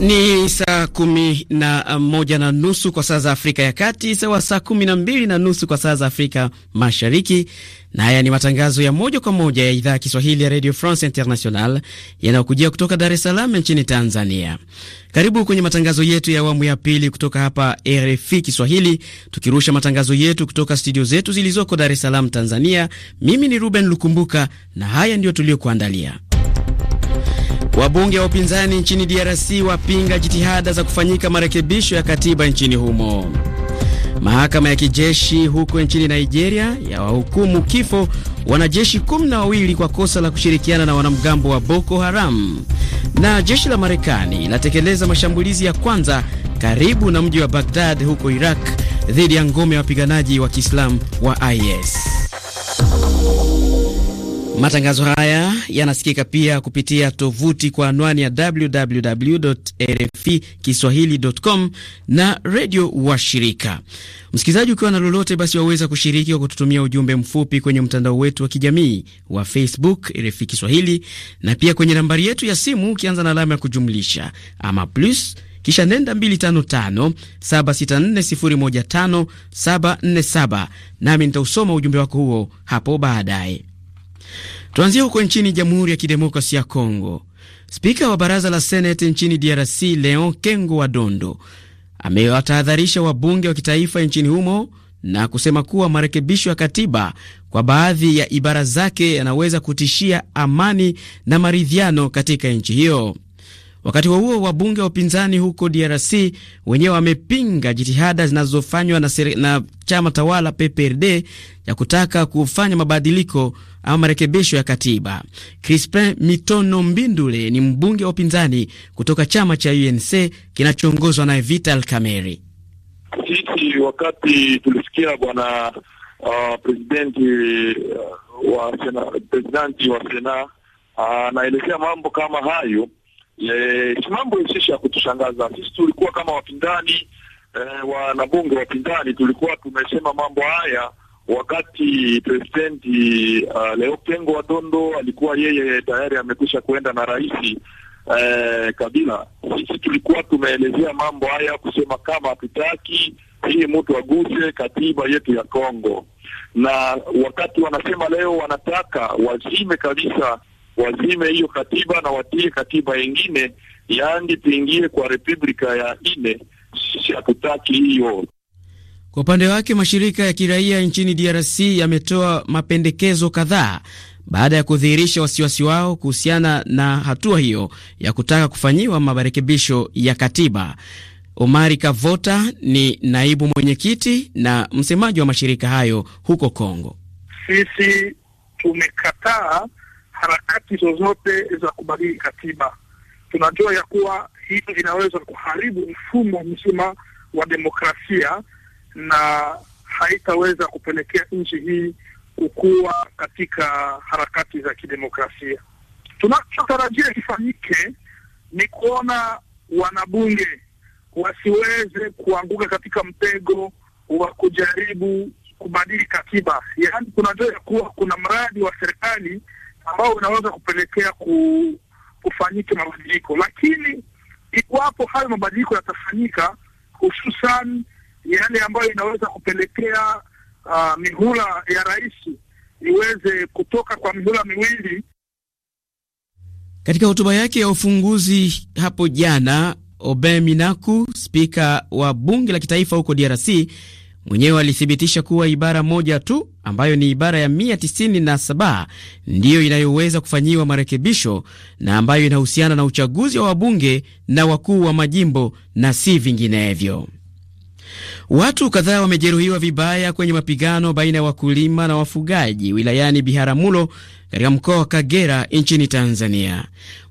Ni saa kumi na moja na nusu kwa saa za Afrika ya Kati, sawa saa kumi na mbili na nusu kwa saa za Afrika Mashariki. Na haya ni matangazo ya moja kwa moja ya idhaa ya Kiswahili ya Radio France International yanayokujia kutoka Dar es Salaam nchini Tanzania. Karibu kwenye matangazo yetu ya awamu ya pili kutoka hapa RFI Kiswahili, tukirusha matangazo yetu kutoka studio zetu zilizoko Dar es Salaam, Tanzania. Mimi ni Ruben Lukumbuka na haya ndiyo tuliyokuandalia. Wabunge wa upinzani nchini DRC wapinga jitihada za kufanyika marekebisho ya katiba nchini humo. Mahakama ya kijeshi huko nchini Nigeria yawahukumu kifo wanajeshi kumi na wawili kwa kosa la kushirikiana na wanamgambo wa Boko Haram. Na jeshi la Marekani linatekeleza mashambulizi ya kwanza karibu na mji wa Baghdad huko Iraq dhidi ya ngome ya wapiganaji wa Kiislamu wa IS. Matangazo haya yanasikika pia kupitia tovuti kwa anwani ya www RFI kiswahili.com na redio washirika. Msikilizaji, ukiwa na lolote, basi waweza kushiriki kwa kututumia ujumbe mfupi kwenye mtandao wetu wa kijamii wa Facebook RFI Kiswahili, na pia kwenye nambari yetu ya simu ukianza na alama ya kujumlisha ama plus kisha nenda 255 764 747, nami nitausoma ujumbe wako huo hapo baadaye. Tuanzie huko nchini Jamhuri ya kidemokrasi ya Kongo. Spika wa baraza la seneti nchini DRC Leon Kengo Wadondo amewatahadharisha wabunge wa kitaifa nchini humo na kusema kuwa marekebisho ya katiba kwa baadhi ya ibara zake yanaweza kutishia amani na maridhiano katika nchi hiyo. Wakati huo huo, wabunge wa upinzani huko DRC wenyewe wamepinga jitihada zinazofanywa na, na chama tawala PPRD ya kutaka kufanya mabadiliko ama marekebisho ya katiba. Crispin Mitono Mbindule ni mbunge wa upinzani kutoka chama cha UNC kinachoongozwa na Vital Kameri. Sisi wakati tulisikia bwana uh, presidenti uh, wa sena, presidenti wa sena uh, anaelezea uh, mambo kama hayo, eh, mambo isisha ya kutushangaza sisi. Tulikuwa kama wapinzani eh, wanabunge wapinzani tulikuwa tumesema mambo haya wakati presidenti uh, eh, Leo Kengo wa Dondo alikuwa yeye tayari amekwisha kuenda na rais uh, Kabila. Sisi tulikuwa tumeelezea mambo haya kusema kama hatutaki hii mtu aguse katiba yetu ya Kongo, na wakati wanasema leo wanataka wazime kabisa, wazime hiyo katiba na watie katiba ingine, yaani tuingie kwa republika ya ine sisi hatutaki hiyo. Kwa upande wake mashirika ya kiraia nchini DRC yametoa mapendekezo kadhaa baada ya kudhihirisha wasiwasi wao kuhusiana na hatua hiyo ya kutaka kufanyiwa marekebisho ya katiba. Omari Kavota ni naibu mwenyekiti na msemaji wa mashirika hayo huko Kongo. Sisi tumekataa harakati zozote za kubadili katiba tunajua ya kuwa hii inaweza kuharibu mfumo mzima wa demokrasia na haitaweza kupelekea nchi hii kukua katika harakati za kidemokrasia. Tunachotarajia kifanyike ni kuona wanabunge wasiweze kuanguka katika mtego wa kujaribu kubadili katiba. Yaani, tunajua ya kuwa kuna mradi wa serikali ambao unaweza kupelekea ku kufanyike mabadiliko, lakini iwapo hayo mabadiliko yatafanyika, hususan yale ambayo inaweza kupelekea uh, mihula ya rais iweze kutoka kwa mihula miwili. Katika hotuba yake ya ufunguzi hapo jana, Aubin Minaku, spika wa bunge la kitaifa huko DRC, mwenyewe alithibitisha kuwa ibara moja tu ambayo ni ibara ya 197 ndiyo inayoweza kufanyiwa marekebisho na ambayo inahusiana na uchaguzi wa wabunge na wakuu wa majimbo na si vinginevyo. Watu kadhaa wamejeruhiwa vibaya kwenye mapigano baina ya wakulima na wafugaji wilayani Biharamulo katika mkoa wa Kagera nchini Tanzania.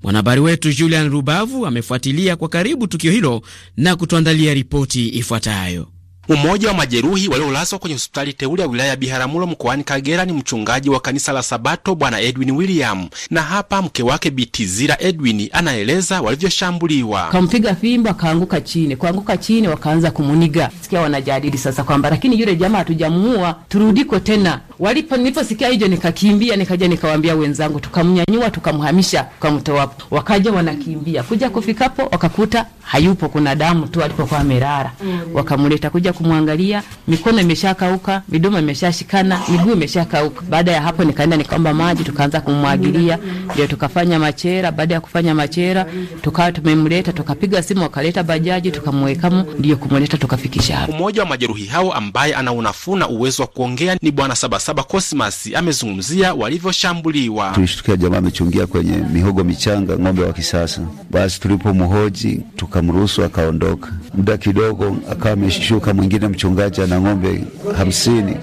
Mwanahabari wetu Julian Rubavu amefuatilia kwa karibu tukio hilo na kutuandalia ripoti ifuatayo. Mmoja wa majeruhi waliolazwa kwenye hospitali teule ya wilaya ya Biharamulo mkoani Kagera ni mchungaji wa kanisa la Sabato Bwana Edwin William, na hapa mke wake Bitizira Edwin anaeleza walivyoshambuliwa. Kampiga fimbo akaanguka chini, kuanguka chini wakaanza kumuniga. Sikia wanajadili sasa kwamba lakini yule jamaa hatujamuua, turudiko tena. Walipo niliposikia hiyo nikakimbia, nikaja nikawaambia wenzangu, tukamnyanyua tukamhamisha, tukamtoa hapo. Wakaja wanakimbia kuja kufikapo wakakuta hayupo, kuna damu tu alipokuwa amelala, mm. wakamleta kuja kumwangalia, mikono imeshakauka, midomo imeshashikana, miguu imeshakauka. Baada ya hapo, nikaenda nikaomba maji, tukaanza kumwagilia, ndio tukafanya machera. Baada ya kufanya machera, tukawa tumemleta, tukapiga simu, wakaleta bajaji, tukamwekamo, ndio kumleta tukafikisha hapo. Mmoja wa majeruhi hao ambaye ana unafuu na uwezo wa kuongea ni bwana Sabasaba Cosmas, amezungumzia walivyoshambuliwa. Tulishtukia jamaa amechungia kwenye mihogo michanga, ng'ombe wa kisasa. Basi tulipomhoji tukamruhusu, akaondoka. Muda kidogo akawa ameshuka mwingine mchungaji ana ng'ombe hamsini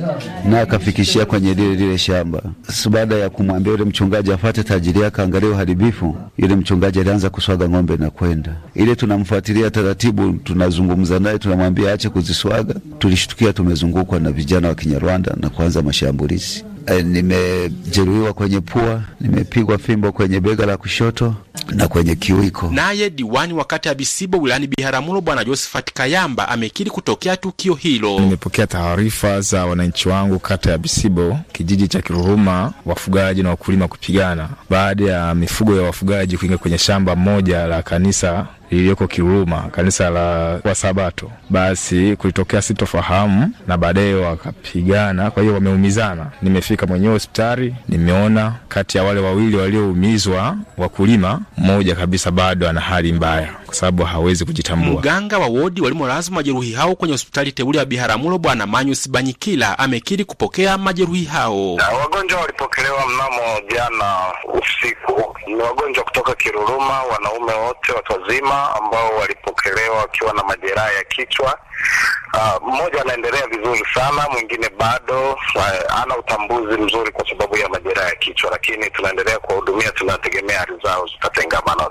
na akafikishia kwenye lile lile shamba. Sasa baada ya kumwambia yule mchungaji afate tajiri yake angalie uharibifu, yule mchungaji alianza kuswaga ng'ombe na kwenda ile. Tunamfuatilia taratibu, tunazungumza naye, tunamwambia aache kuziswaga. Tulishtukia tumezungukwa na vijana wa Kinyarwanda na kuanza mashambulizi e, nimejeruhiwa kwenye pua, nimepigwa fimbo kwenye bega la kushoto na kwenye kiwiko. Naye diwani wa kata ya Bisibo wilayani Biharamulo Bwana Josephat Kayamba amekiri kutokea tukio hilo. Nimepokea taarifa za wananchi wangu kata ya Bisibo, kijiji cha kiruruma wafugaji na wakulima kupigana baada ya mifugo ya wafugaji kuingia kwenye shamba moja la kanisa iliyoko Kiruma, kanisa la sabato Basi kulitokea sitofahamu na baadaye wakapigana, kwa hiyo wameumizana. Nimefika mwenyewe hospitali, nimeona kati ya wale wawili walioumizwa wakulima, mmoja kabisa bado ana hali mbaya kwa sababu hawezi kujitambua. Mganga wa wodi walimo lazima majeruhi hao kwenye hospitali teuli ya Biharamulo, Bwana Manyus Banyikila amekiri kupokea majeruhi hao. Na wagonjwa walipokelewa mnamo jana usiku, ni wagonjwa kutoka Kiruruma, wanaume wote watu wazima ambao walipokelewa wakiwa na majeraha ya kichwa Ah, mmoja anaendelea vizuri sana, mwingine bado eh, ana utambuzi mzuri kwa sababu ya majeraha ya kichwa, lakini tunaendelea kuwahudumia. Tunategemea hali zao zitatengamana,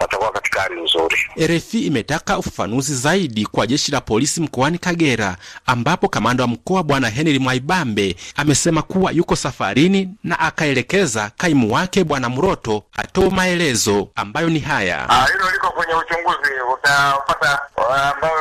watakuwa katika hali nzuri. RFI imetaka ufafanuzi zaidi kwa jeshi la polisi mkoani Kagera, ambapo kamanda wa mkoa Bwana Henry Mwaibambe amesema kuwa yuko safarini na akaelekeza kaimu wake Bwana Mroto atoe maelezo ambayo ni haya. Ah, hilo liko kwenye uchunguzi, utapata ah, ambayo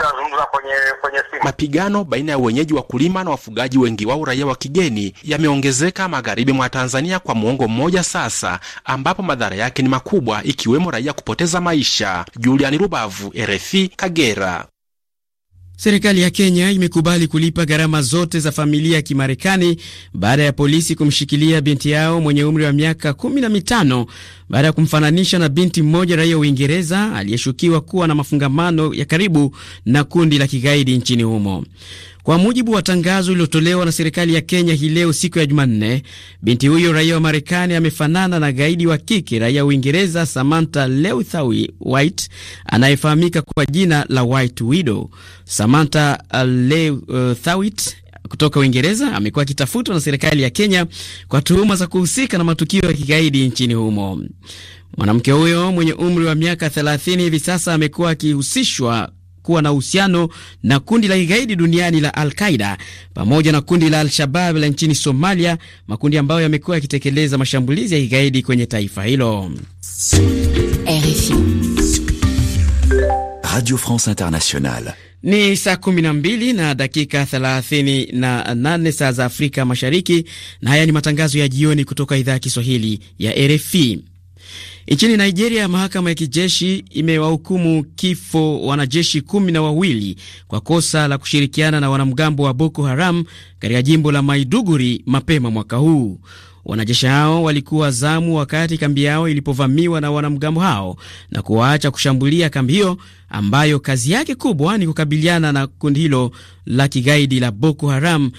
tunazungumza kwenye kwenye simu. Mapigano baina ya wenyeji wakulima na wafugaji wengi wao raia wa kigeni yameongezeka magharibi mwa Tanzania kwa muongo mmoja sasa, ambapo madhara yake ni makubwa, ikiwemo raia kupoteza maisha. Julian Rubavu, RFI, Kagera. Serikali ya Kenya imekubali kulipa gharama zote za familia ya Kimarekani baada ya polisi kumshikilia binti yao mwenye umri wa miaka kumi na mitano baada ya kumfananisha na binti mmoja raia wa Uingereza aliyeshukiwa kuwa na mafungamano ya karibu na kundi la kigaidi nchini humo. Kwa mujibu wa tangazo lililotolewa na serikali ya Kenya hii leo siku ya Jumanne, binti huyo raia wa Marekani amefanana na gaidi wa kike raia wa Uingereza Samantha Leuthawi White anayefahamika kwa jina la White Widow. Samantha uh, leuthawit kutoka Uingereza amekuwa akitafutwa na serikali ya Kenya kwa tuhuma za kuhusika na matukio ya kigaidi nchini humo. Mwanamke huyo mwenye umri wa miaka 30 hivi sasa amekuwa akihusishwa kuwa na uhusiano na kundi la kigaidi duniani la Al Qaida pamoja na kundi la Al-Shabab la nchini Somalia, makundi ambayo yamekuwa yakitekeleza mashambulizi ya kigaidi kwenye taifa hilo. RFI Radio France Internationale. Ni saa 12 na dakika 38 na saa za Afrika Mashariki, na haya ni matangazo ya jioni kutoka idhaa ya Kiswahili ya RFI. Nchini Nigeria, mahakama ya kijeshi imewahukumu kifo wanajeshi kumi na wawili kwa kosa la kushirikiana na wanamgambo wa Boko Haram katika jimbo la Maiduguri mapema mwaka huu. Wanajeshi hao walikuwa zamu wakati kambi yao ilipovamiwa na wanamgambo hao na kuwaacha kushambulia kambi hiyo ambayo kazi yake kubwa ni kukabiliana na kundi hilo la kigaidi la Boko Haram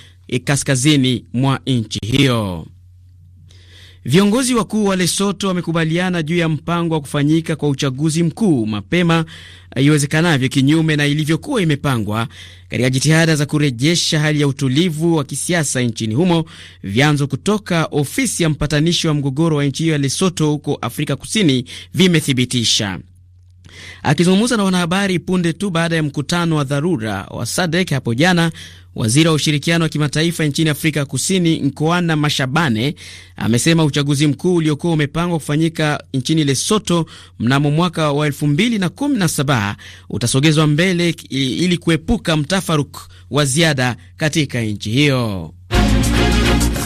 kaskazini mwa nchi hiyo. Viongozi wakuu wa Lesoto wamekubaliana juu ya mpango wa kufanyika kwa uchaguzi mkuu mapema iwezekanavyo, kinyume na ilivyokuwa imepangwa, katika jitihada za kurejesha hali ya utulivu wa kisiasa nchini humo. Vyanzo kutoka ofisi ya mpatanishi wa mgogoro wa nchi hiyo ya Lesoto huko Afrika Kusini vimethibitisha Akizungumza na wanahabari punde tu baada ya mkutano wa dharura wa SADC hapo jana, waziri wa ushirikiano wa kimataifa nchini Afrika Kusini Nkoana Mashabane amesema uchaguzi mkuu uliokuwa umepangwa kufanyika nchini lesoto mnamo mwaka wa 2017 utasogezwa mbele ili kuepuka mtafaruk wa ziada katika nchi hiyo.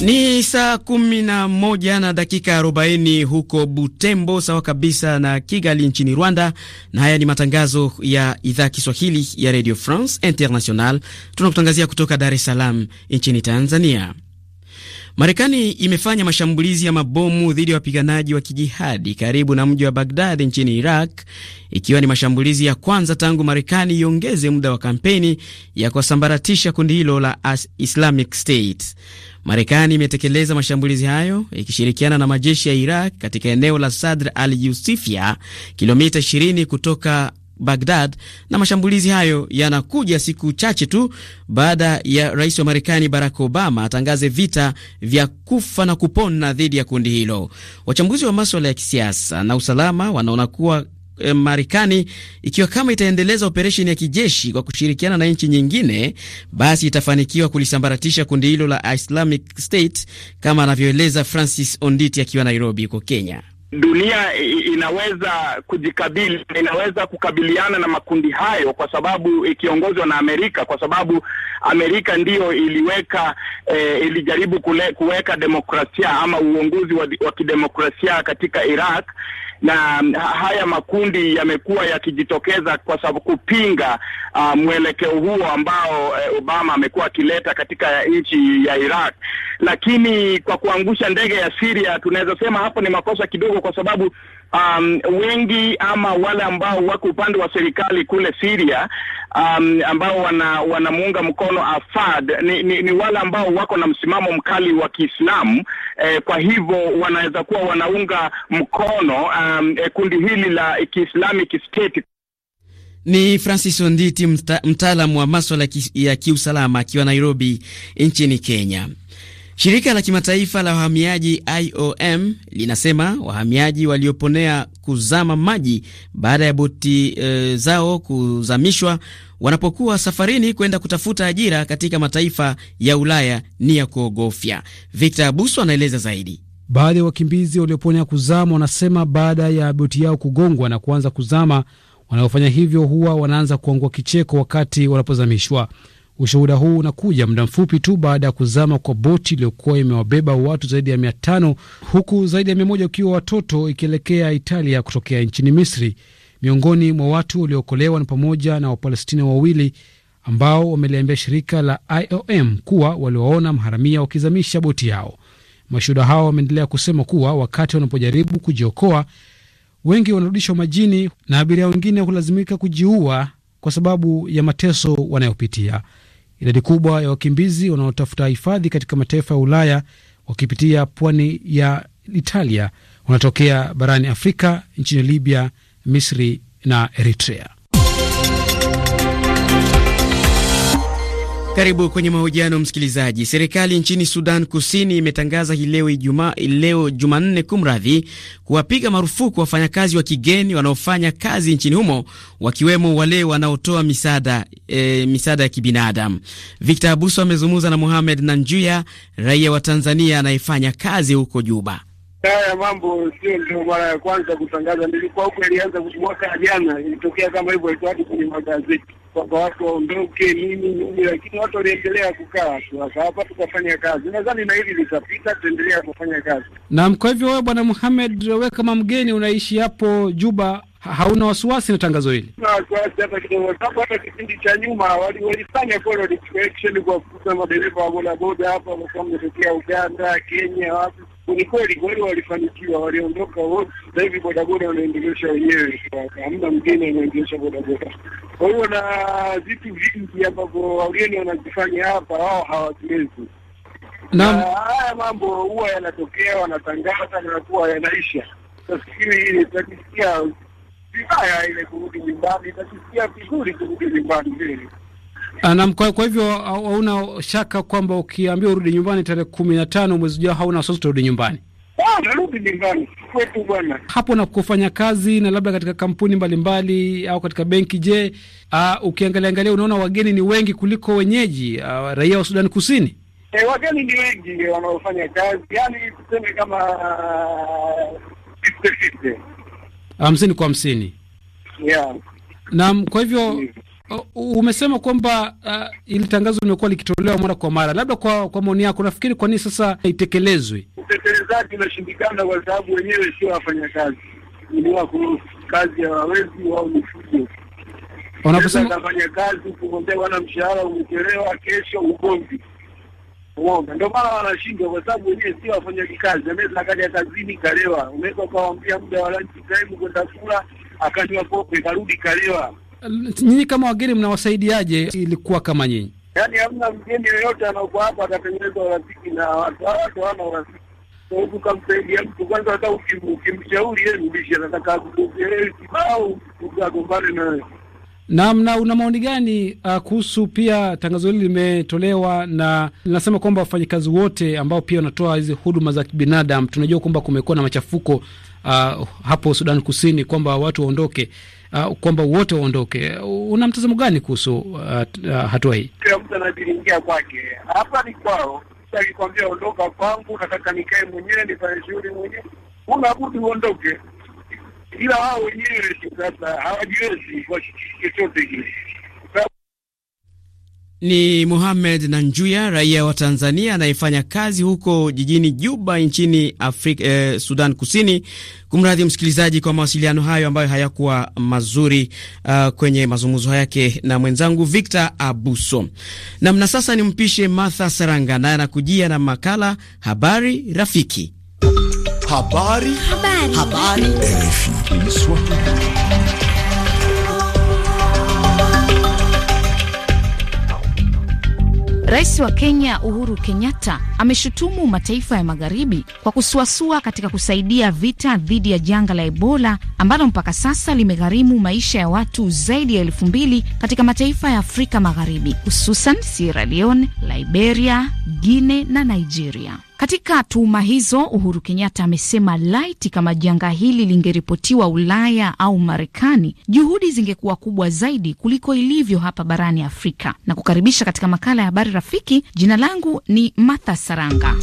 Ni saa kumi na moja na dakika arobaini huko Butembo, sawa kabisa na Kigali nchini Rwanda. Na haya ni matangazo ya idhaa Kiswahili ya Radio France International, tunakutangazia kutoka Dar es Salaam nchini Tanzania. Marekani imefanya mashambulizi ya mabomu dhidi ya wapiganaji wa kijihadi karibu na mji wa Bagdad nchini Iraq, ikiwa ni mashambulizi ya kwanza tangu Marekani iongeze muda wa kampeni ya kuwasambaratisha kundi hilo la Islamic State. Marekani imetekeleza mashambulizi hayo ikishirikiana na majeshi ya Iraq katika eneo la Sadr al Yusifia, kilomita 20 kutoka Bagdad, na mashambulizi hayo yanakuja siku chache tu baada ya rais wa Marekani Barack Obama atangaze vita vya kufa na kupona dhidi ya kundi hilo. Wachambuzi wa maswala ya kisiasa na usalama wanaona kuwa Eh, Marekani ikiwa kama itaendeleza operesheni ya kijeshi kwa kushirikiana na nchi nyingine, basi itafanikiwa kulisambaratisha kundi hilo la Islamic State kama anavyoeleza Francis Onditi akiwa Nairobi huko Kenya. Dunia inaweza kujikabili, inaweza kukabiliana na makundi hayo kwa sababu ikiongozwa na Amerika, kwa sababu Amerika ndiyo iliweka eh, ilijaribu kule, kuweka demokrasia ama uongozi wa, wa kidemokrasia katika Iraq na mm, haya makundi yamekuwa yakijitokeza kwa sababu kupinga uh, mwelekeo huo ambao uh, Obama amekuwa akileta katika nchi ya Iraq. Lakini kwa kuangusha ndege ya Syria tunaweza sema hapo ni makosa kidogo, kwa sababu um, wengi ama wale ambao wako upande wa serikali kule Syria um, ambao wana wanamuunga mkono Afad ni, ni, ni wale ambao wako na msimamo mkali wa Kiislamu eh, kwa hivyo wanaweza kuwa wanaunga mkono um, eh, kundi hili la Islamic State. Ni Francis Onditi, mtaalamu wa maswala ya kiusalama akiwa Nairobi nchini Kenya. Shirika la kimataifa la wahamiaji IOM linasema wahamiaji walioponea kuzama maji baada ya boti e, zao kuzamishwa wanapokuwa safarini kwenda kutafuta ajira katika mataifa ya Ulaya ni ya kuogofya. Victor Abuso anaeleza zaidi. Baadhi ya wakimbizi walioponea kuzama wanasema baada ya boti yao kugongwa na kuanza kuzama, wanaofanya hivyo huwa wanaanza kuangua kicheko wakati wanapozamishwa. Ushuhuda huu unakuja muda mfupi tu baada ya kuzama kwa boti iliyokuwa imewabeba watu zaidi ya mia tano huku zaidi ya mia moja ukiwa watoto ikielekea Italia kutokea nchini Misri. Miongoni mwa watu waliookolewa ni pamoja na Wapalestina wawili ambao wameliambia shirika la IOM kuwa waliwaona maharamia wakizamisha boti yao. Mashuhuda hao wameendelea kusema kuwa wakati wanapojaribu kujiokoa, wengi wanarudishwa majini na abiria wengine hulazimika kujiua kwa sababu ya mateso wanayopitia. Idadi kubwa ya wakimbizi wanaotafuta hifadhi katika mataifa ya Ulaya wakipitia pwani ya Italia wanatokea barani Afrika, nchini Libya, Misri na Eritrea. Karibu kwenye mahojiano msikilizaji. Serikali nchini Sudan Kusini imetangaza hii leo Ijumaa, leo Jumanne, kumradhi, kuwapiga marufuku wafanyakazi wa kigeni wanaofanya kazi nchini humo, wakiwemo wale wanaotoa misaada e, misaada ya kibinadamu. Victor Abuso amezungumza na Mohamed Nanjuya, raia wa Tanzania anayefanya kazi huko Juba. Haya mambo sio ndio mara ya kwanza kutangaza, nilikuwa huko, ilianza mwaka jana, ilitokea kama hivyo, ilikuwa hadi kwenye magazeti kwamba watu waondoke nini nini, lakini watu waliendelea kukaa tu hapa hapa, tukafanya kazi. Nadhani na hili litapita, tutaendelea kufanya kazi. Naam, kwa hivyo wewe Bwana Muhamed, wewe kama mgeni unaishi hapo Juba, hauna wasiwasi na tangazo hili? Na wasiwasi hata kidogo, sababu hata kipindi cha nyuma walifanya kwa kufuta madereva wa bodaboda hapa, wametokea Uganda, Kenya, wapi ni kweli kweli walifanikiwa, waliondoka sasa hivi bodaboda wanaendelesha wenyewe, hamna mgeni anaendesha bodaboda. Kwa hiyo na vitu vingi ambavyo wageni wanazifanya hapa wao hawaziwezi. Haya mambo huwa yanatokea, wanatangaza na kuwa yanaisha. Nafikiri ile itasikia vibaya ile kurudi nyumbani, itasikia vizuri kurudi nyumbani vile Ah, naam, kwa hivyo ah, hauna shaka kwamba ukiambiwa urudi nyumbani tarehe kumi na tano mwezi ujao hauna wasiwasi utarudi nyumbani? Ah, narudi nyumbani kwetu bwana. Hapo na kufanya kazi na labda katika kampuni mbalimbali mbali, au katika benki. Je, uh, ukiangalia angalia unaona wageni ni wengi kuliko wenyeji uh, raia wa Sudani Kusini? E, wageni ni wengi wanaofanya kazi, yani tuseme kama hamsini uh, kwa hamsini. Yeah. Naam, kwa hivyo mm umesema kwamba uh, ili tangazo limekuwa likitolewa mara kwa mara, labda kwa kwa maoni yako, nafikiri kwa nini sasa itekelezwe? Utekelezaji unashindikana kwa sababu wenyewe sio wafanyakazi, ni wako kazi ya wawezi wao, ni fujo. Wanaposema wafanya kazi kugombea, bwana, mshahara umechelewa, kesho ugomvi, uongo. Ndio maana wanashindwa, kwa sababu wenyewe sio wafanyakazi kazi. Ameweza kazini kalewa, umeweza ukawaambia muda wa lunch time kwenda kula, akanywa pombe, karudi kalewa nyinyi kama wageni mnawasaidiaje? Ilikuwa kama nyinyi, yani, hamna mgeni yoyote anaokuwa hapa atatengeneza urafiki na watu, watu hawana urafiki ukamsaidia mtu kwanza, hata ukimshauri yeye mbishi anataka kukuelewa kibao, ukagombane naye. Naam. Na una maoni gani uh, kuhusu pia tangazo hili limetolewa na linasema kwamba wafanyikazi wote ambao pia wanatoa hizi huduma za kibinadamu, tunajua kwamba kumekuwa na machafuko uh, hapo Sudan Kusini, kwamba watu waondoke uh, kwamba wote waondoke. Una mtazamo gani kuhusu uh, uh, hatua hii? Kila mtu anajiringia kwake. Hapa ni kwao, akikwambia ondoka kwangu, nataka nikae mwenyewe nifanye shughuli mwenyewe, una budi uondoke, ila wao wenyewe sasa hawajiwezi kwa chochote kile. Ni Muhamed Nanjuya, raia wa Tanzania anayefanya kazi huko jijini Juba nchini Afrika, eh, Sudan Kusini. Kumradhi msikilizaji kwa mawasiliano hayo ambayo hayakuwa mazuri, uh, kwenye mazungumzo yake na mwenzangu Victor Abuso. Namna sasa ni mpishe Martha Saranga naye anakujia na makala Habari Rafiki. Habari. Habari. Habari. Habari. wa Kenya Uhuru Kenyatta ameshutumu mataifa ya magharibi kwa kusuasua katika kusaidia vita dhidi ya janga la Ebola ambalo mpaka sasa limegharimu maisha ya watu zaidi ya elfu mbili katika mataifa ya Afrika Magharibi, hususan Sierra Leone, Liberia, Guinea na Nigeria. Katika tuhuma hizo, Uhuru Kenyatta amesema laiti kama janga hili lingeripotiwa Ulaya au Marekani, juhudi zingekuwa kubwa zaidi kuliko ilivyo hapa barani Afrika. Na kukaribisha katika makala ya habari rafiki, jina langu ni Martha Saranga.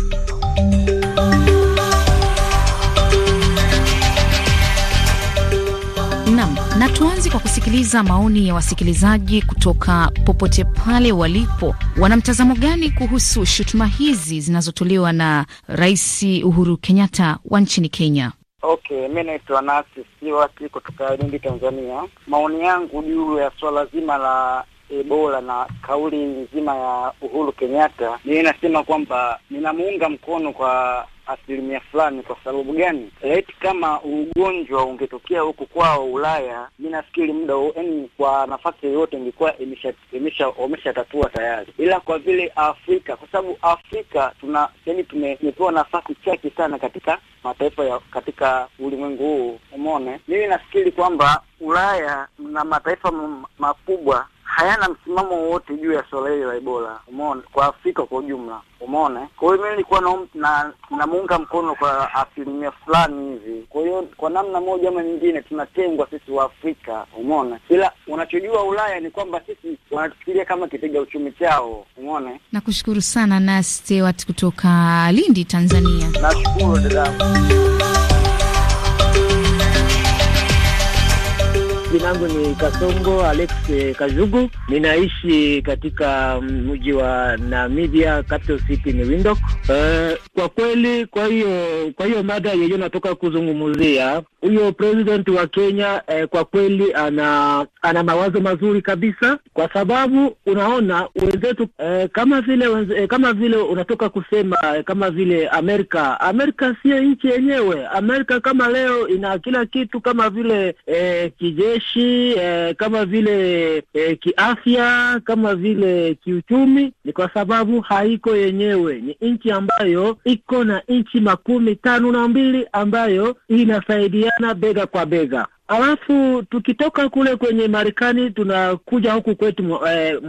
na tuanze kwa kusikiliza maoni ya wasikilizaji kutoka popote pale walipo. Wana mtazamo gani kuhusu shutuma hizi zinazotolewa na Rais Uhuru Kenyatta wa nchini Kenya? Okay, mi naitwa Nasi Siwati kutoka Lindi, Tanzania. Maoni yangu juu ya swala zima la Ebola na kauli nzima ya Uhuru Kenyatta, mimi nasema kwamba ninamuunga mkono kwa asilimia fulani. Kwa sababu gani? Laiti kama ugonjwa ungetokea huku kwao Ulaya, mi nafikiri muda yaani, kwa nafasi yoyote ingekuwa wameshatatua tayari, ila kwa vile Afrika, kwa sababu Afrika tuna yaani, tumepewa nafasi chache sana katika mataifa ya katika ulimwengu huu. umone mimi nafikiri kwamba Ulaya na mataifa makubwa hayana msimamo wowote juu ya swala hili la Ebola, umeona, kwa Afrika kwa ujumla, umeona. Kwa hiyo mimi nilikuwa na namuunga mkono kwa asilimia fulani hivi. Kwa hiyo kwa namna moja ama nyingine tunatengwa sisi wa Afrika, umeona, ila unachojua Ulaya ni kwamba sisi wanatufikiria kama kitega uchumi chao, umeona. Nakushukuru sana na Stewart kutoka Lindi, Tanzania. Nashukuru dada. Jina langu ni Kasongo Alex eh, Kajugu, ninaishi katika mm, mji wa Namibia, capital city ni Windhoek. Uh, kwa kweli, kwa hiyo kwa hiyo mada yeye natoka kuzungumzia huyo president wa Kenya eh, kwa kweli ana ana mawazo mazuri kabisa, kwa sababu unaona wenzetu eh, kama vile eh, kama vile unatoka kusema eh, kama vile Amerika. Amerika sio nchi yenyewe. Amerika kama leo ina kila kitu kama vile eh, kijeshi kijeshi eh, kama vile eh, kiafya, kama vile kiuchumi, ni kwa sababu haiko yenyewe. Ni nchi ambayo iko na nchi makumi tano na mbili ambayo inasaidiana bega kwa bega. Alafu tukitoka kule kwenye Marekani tunakuja huku kwetu eh,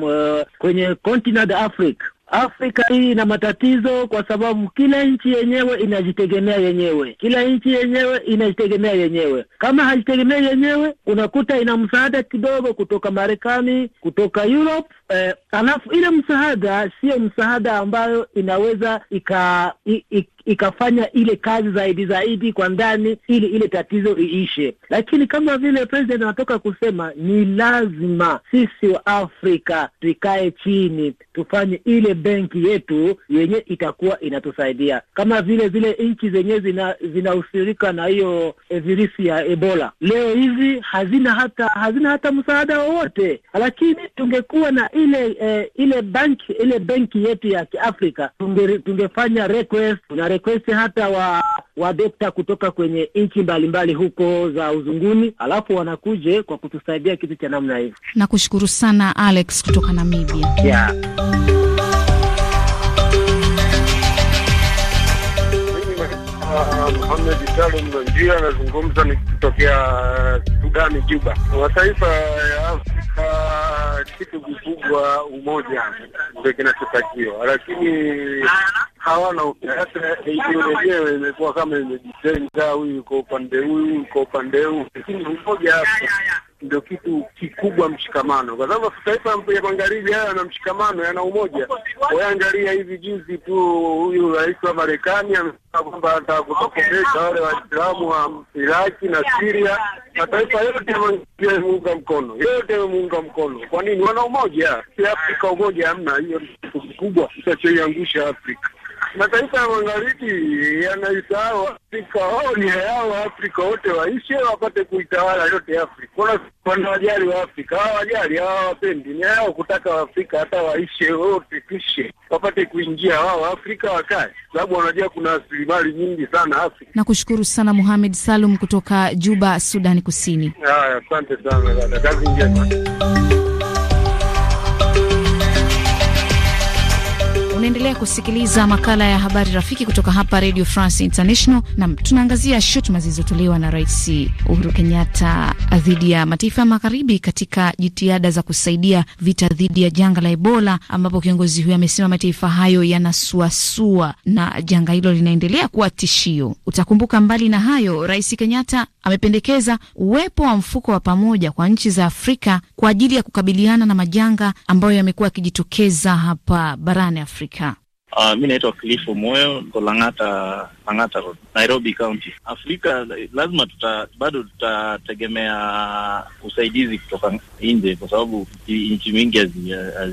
kwenye continent Africa Afrika hii ina matatizo kwa sababu kila nchi yenyewe inajitegemea yenyewe, kila nchi yenyewe inajitegemea yenyewe. Kama hajitegemea yenyewe, unakuta ina msaada kidogo kutoka Marekani, kutoka Europe eh, Alafu ile msaada siyo msaada ambayo inaweza ika, i, i, ikafanya ile kazi zaidi zaidi kwa ndani ili ile tatizo iishe. Lakini kama vile president anatoka kusema, ni lazima sisi wa Afrika tuikae chini tufanye ile benki yetu yenye itakuwa inatusaidia, kama vile zile nchi zenyewe zinahusirika zina na hiyo e, eh, virusi ya Ebola leo hivi hazina hata hazina hata msaada wowote, lakini tungekuwa na ile eh, eh, ile banki ile benki yetu ya Kiafrika tunge, tungefanya request tuna request hata wa wa wadokta kutoka kwenye nchi mbalimbali huko za uzunguni, alafu wanakuje kwa kutusaidia kitu cha namna hivi. Nakushukuru sana Alex kutoka Namibia yeah. Muhamed uh, Salu Mlonjia anazungumza nikitokea uh, Sudani, Juba. Mataifa ya kitu kikubwa, umoja ndio kinachotakiwa, lakini hawana hata. Hiyo yenyewe imekuwa kama imejitenga huyu yuko upande huyu, yuko upande huu, lakini umoja hapa ndio kitu kikubwa, mshikamano, kwa sababu mataifa ya magharibi haya yana mshikamano, yana umoja. Waangalia hivi juzi tu, huyu rais wa Marekani amesema kwamba atakutokomeza wale Waislamu wa Iraki na Siria. Mataifa yote ya magharibi yameunga mkono, yote yameunga mkono. Kwa nini? Wana umoja. Si Afrika umoja hamna. Hiyo kitu kikubwa kitachoiangusha Afrika mataifa ya magharibi yanaisahau Afrika. Wao ni hayao Waafrika wote waishe wapate kuitawala yote Afrika. Wanawajali wa Afrika hawa wapendi ni hayao kutaka Waafrika hata waishe wote, kishe wapate kuingia wao Afrika wakae, sababu wanajua kuna rasilimali nyingi sana Afrika. Nakushukuru sana Muhamed Salum kutoka Juba, Sudani Kusini. Haya, asante sana dada, kazi njema. Unaendelea kusikiliza makala ya habari rafiki kutoka hapa Radio France International, na tunaangazia shutuma zilizotolewa na Rais Uhuru Kenyatta dhidi ya mataifa ya magharibi katika jitihada za kusaidia vita dhidi ya janga la Ebola, ambapo kiongozi huyo amesema mataifa hayo yanasuasua na janga hilo linaendelea kuwa tishio. Utakumbuka mbali na hayo, Rais Kenyatta amependekeza uwepo wa mfuko wa pamoja kwa nchi za Afrika kwa ajili ya kukabiliana na majanga ambayo yamekuwa yakijitokeza hapa barani Afrika. Afrika. Uh, mi naitwa Kilifu Moyo, ko Lang'ata, Lang'ata Road, Nairobi County. Afrika lazima tuta, bado tutategemea usaidizi kutoka nje, kwa sababu nchi mingi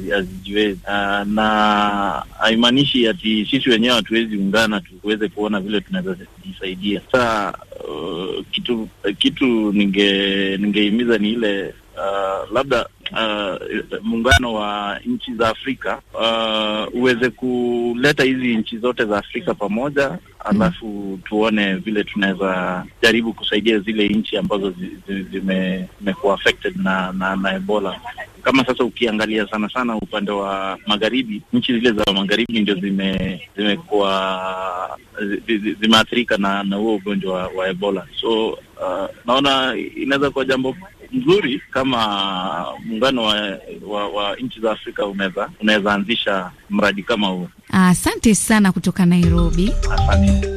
hazijiwezi, uh, na haimaanishi ati sisi wenyewe hatuwezi ungana tuweze kuona vile tunaweza kujisaidia. Sasa uh, kitu kitu ninge ni ile Uh, labda uh, muungano wa nchi za Afrika uh, uweze kuleta hizi nchi zote za Afrika pamoja, alafu tuone vile tunaweza jaribu kusaidia zile nchi ambazo zimekuwa affected na, na, na Ebola kama sasa ukiangalia sana sana upande wa magharibi, nchi zile za magharibi ndio zime zimekuwa zimeathirika na na huo ugonjwa wa Ebola. So uh, naona inaweza kuwa jambo mzuri kama muungano wa, wa, wa nchi za Afrika unaweza unaweza anzisha mradi kama huo. Asante sana kutoka Nairobi. Asante.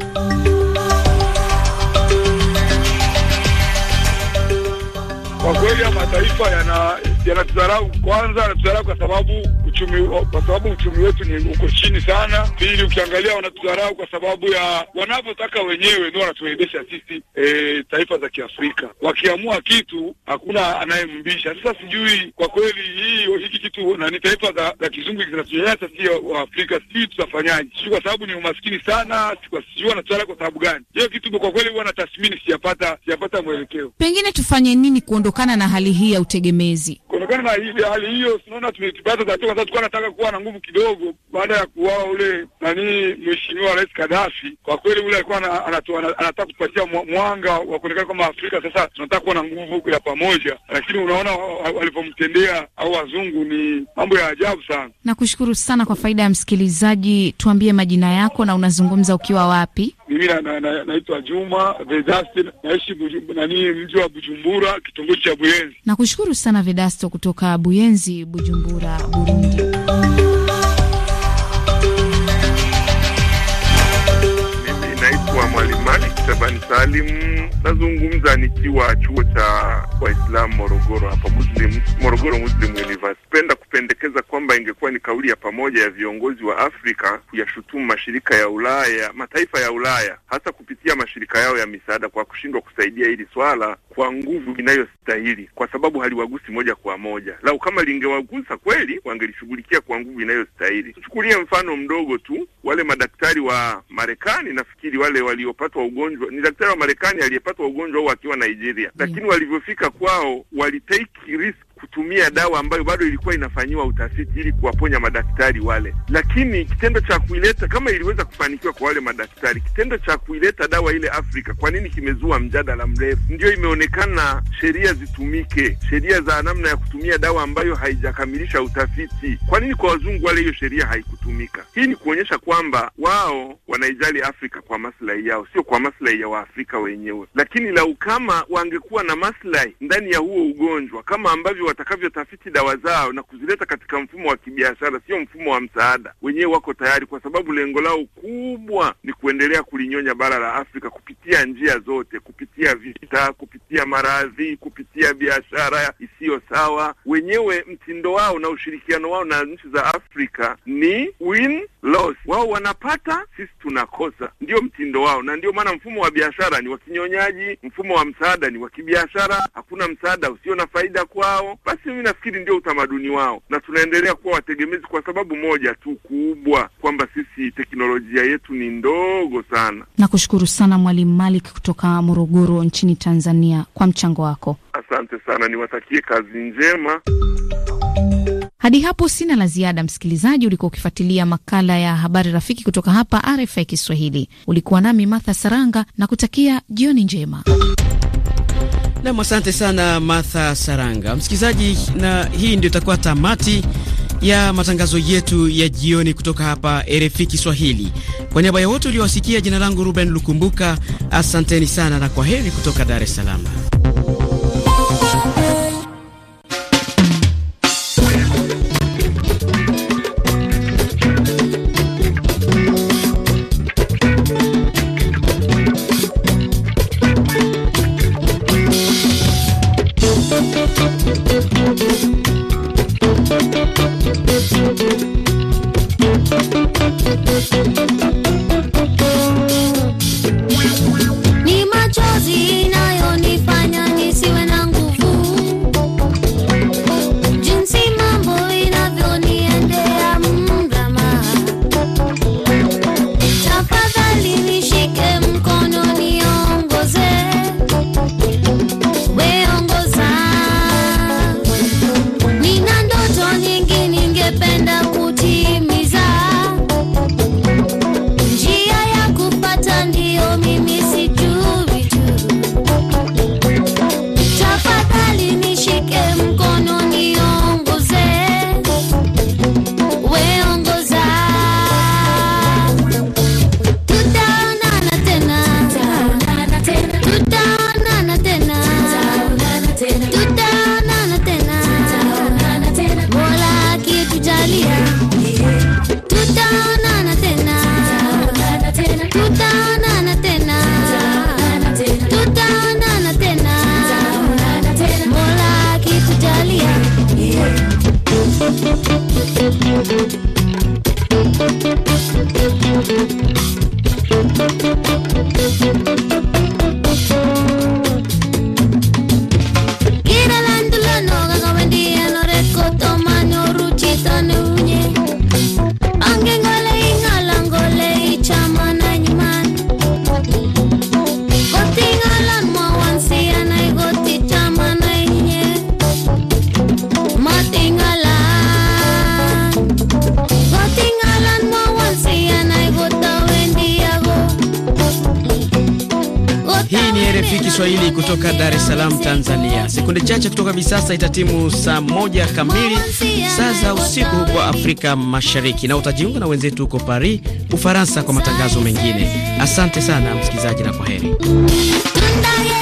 Kwa kweli mataifa yana yanatudharau kwanza, yanatudharau kwa sababu uchumi, kwa sababu uchumi wetu ni uko chini sana. Pili, ukiangalia wanatudharau kwa sababu ya wanavyotaka wenyewe, ndio wanatuendesha sisi e, taifa za Kiafrika. Wakiamua kitu hakuna anayemmbisha. Sasa sijui kwa kweli hii hiki kitu na ni taifa za, za kizungu zinatunyanyasa sisi Waafrika, sijui tutafanyaje, sijui kwa sababu ni umaskini sana, sijui wanatudharau kwa sababu gani. Hiyo kitu kwa kweli huwa natathmini, sijapata sijapata mwelekeo. Pengine tufanye nini kuondokana na hali hii ya utegemezi? Kutokana na hali hiyo, tunaona tumetupata tatizo. Sasa tulikuwa nataka kuwa na nguvu kidogo, baada ya kuwaa ule nani mheshimiwa Rais Kadhafi. Kwa kweli ule alikuwa anataka kutupatia mwanga wa kuonekana kama Afrika sasa tunataka kuwa na nguvu ya pamoja, lakini unaona walivyomtendea au wazungu ni mambo ya ajabu sana. Nakushukuru sana. Kwa faida ya msikilizaji, tuambie majina yako na unazungumza ukiwa wapi? mimi naitwa Juma Vedasto, naishi nani, mji wa Bujumbura, kitongoji cha Buyenzi. Nakushukuru sana Vedasto kutoka Buyenzi, Bujumbura, Burundi. Mimi naitwa Mwalimani Kitabani Salim nazungumza nikiwa chuo cha Waislamu Morogoro hapa Muslim, Morogoro Muslim University. Penda kupendekeza kwamba ingekuwa ni kauli ya pamoja ya viongozi wa Afrika kuyashutumu mashirika ya Ulaya, mataifa ya Ulaya hasa kupitia mashirika yao ya misaada kwa kushindwa kusaidia hili swala kwa nguvu inayostahili, kwa sababu haliwagusi moja kwa moja. Lau kama lingewagusa kweli, wangelishughulikia kwa nguvu inayostahili. Tuchukulie mfano mdogo tu, wale madaktari wa Marekani, nafikiri wale waliopatwa ugonjwa ni daktari wa Marekani aliyepatwa ugonjwa wakiwa akiwa Nigeria, lakini yeah, walivyofika kwao walitake risk kutumia dawa ambayo bado ilikuwa inafanyiwa utafiti ili kuwaponya madaktari wale. Lakini kitendo cha kuileta, kama iliweza kufanikiwa kwa wale madaktari, kitendo cha kuileta dawa ile Afrika, kwa nini kimezua mjadala mrefu? Ndio imeonekana sheria zitumike, sheria za namna ya kutumia dawa ambayo haijakamilisha utafiti. Kwa nini kwa wazungu wale hiyo sheria haikutumika? Hii ni kuonyesha kwamba wao wanaijali Afrika kwa maslahi yao, sio kwa maslahi ya Waafrika wenyewe. Lakini lau kama wangekuwa na maslahi ndani ya huo ugonjwa kama ambavyo watakavyotafiti dawa zao na kuzileta katika mfumo wa kibiashara, sio mfumo wa msaada, wenyewe wako tayari, kwa sababu lengo lao kubwa ni kuendelea kulinyonya bara la Afrika kupitia njia zote, kupitia vita, kupitia maradhi, kupitia biashara isiyo sawa. Wenyewe mtindo wao na ushirikiano wao na nchi za Afrika ni win loss. Wao wanapata, sisi tunakosa, ndio mtindo wao, na ndio maana mfumo wa biashara ni wakinyonyaji, mfumo wa msaada ni wa kibiashara. Hakuna msaada usio na faida kwao basi mimi nafikiri ndio utamaduni wao, na tunaendelea kuwa wategemezi kwa sababu moja tu kubwa, kwamba sisi teknolojia yetu ni ndogo sana. Nakushukuru sana Mwalimu Malik kutoka Morogoro nchini Tanzania kwa mchango wako, asante sana, niwatakie kazi njema. Hadi hapo sina la ziada, msikilizaji. Ulikuwa ukifuatilia makala ya habari rafiki kutoka hapa RFI Kiswahili. Ulikuwa nami Martha Saranga na kutakia jioni njema. Nam, asante sana Martha Saranga. Msikilizaji, na hii ndio itakuwa tamati ya matangazo yetu ya jioni kutoka hapa RFI Kiswahili. Kwa niaba ya wote uliowasikia, jina langu Ruben Lukumbuka, asanteni sana na kwa heri kutoka Dar es Salaam. itatimu saa moja kamili saa za usiku huko Afrika Mashariki, na utajiunga na wenzetu huko Paris, Ufaransa, kwa matangazo mengine. Asante sana msikilizaji, na kwa heri.